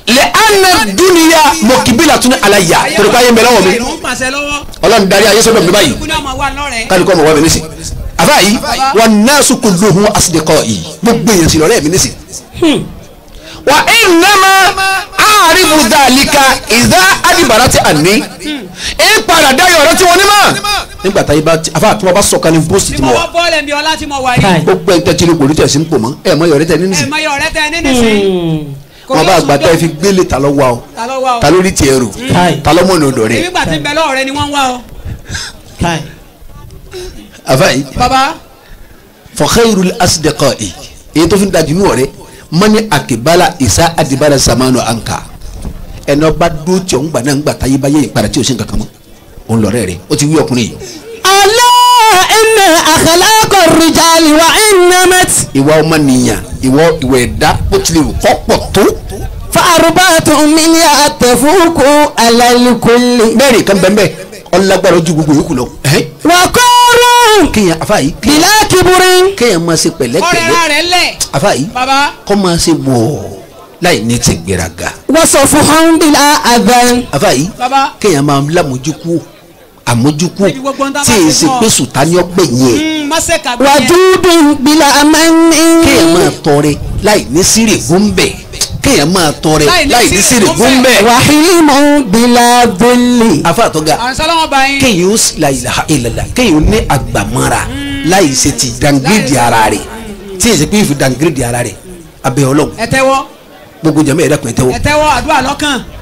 lẹ́ẹ̀nà dúnìyà mọ̀kìbílà tún aláya torí pé ayé ń bẹ lọ́wọ́ mi ọlọ́run darí ayé sọ́dọ̀ mi báyìí kálukọ́ ọmọ wa mi nísì àfáàyí wọn náà sùkùn lóhun asidikọ́ yìí gbogbo èèyàn sì lọ́rẹ́ mi nísì. wà á nàmá àárífù dàlíkà ìdá àdìbàrà tí a ní ẹ padà dáyọ̀ ọ̀rọ̀ tí wọ́n ní mọ̀ nígbà táyé bá àfa àti wọn bá sọ̀kan ní bóòsì tí mo wà. gbogbo ẹ̀ ń tẹ́tí ní kò rí tẹ̀sí ń pò mọ́ ẹ̀ mọ́ yọ̀rẹ́ tẹ̀ ní nísì wọn bá gbàtọ́ ẹ fi gbélé ta lọ wá o ta lórí tiẹ̀ rò ta lọ́mọ ní odò rẹ̀. nígbà tí bẹ́lẹ́ ọ̀rẹ́ ni wọ́n wá o. àfàyè. baba. fọ̀kẹ́yìrú asidẹ̀kọ̀ ẹ̀ èyí tó fi ń da jùlọ rẹ̀ mọ́ni àkèbálà ìsá àdìbálà sàmánù ànkà ẹni ọba dúró tí òun gbà náà ń gbà táyé báyé ìpadà tí ò sí nǹkan kan mọ́ òun lọ́rẹ́ rẹ̀ ó ti wí ọkùnrin yìí. alẹ́ inna akhlaqa rijali wa innamat. ìwà ọmọnìyàn ìwọ ìwà ẹ̀dá bó tilẹ̀ kọ́ pọ̀ tó. fa arúbáàtò mílí àtẹ̀fúnkù alálùkùnlé. bẹ́ẹ̀ni kan bẹ́ẹ̀ bẹ́ẹ̀ ọlágbára ojú gbogbo yòókù lọ. wà á kọ́ kéèyàn afa yìí. bìlá kiburi. kéèyàn máa ṣe pẹ̀lẹ́pẹ̀lẹ́. ọ̀rẹ́ rẹ̀ lẹ̀. afa yìí. baba. kọ́ máa ṣe wọ̀ọ́ láì ní ti gbéraga. wọ́n sọ fún hanbila adan. afa yìí. baba. kéèyàn máa lámójú kú àmójúkú tí èyí mm, ṣe pé sùtá ní ọgbẹ̀yìn ẹ̀. wàdúndùn bílà amáyé. kéèyàn máa tọrẹ láì ní sírè gúnbẹ̀ kéèyàn máa tọrẹ láì ní sírè gúnbẹ̀. wàhíìmọ̀ bílà bẹ́lẹ̀. àfàtọ́gà kéèyàn ó sì la ilaha illallah kéèyàn ó ní àgbàmọ́ra mm. láì ṣe ti dangiridi ara rẹ̀ tí èyí ṣe pé ìfi dangiridi ara rẹ̀ abẹ́ ọlọ́run. ẹ tẹ́wọ́. gbogbo jẹ́mi ẹ̀rẹ́kùn tẹ́wọ́. ẹ tẹ́wọ́ àdúrà lọ́kàn.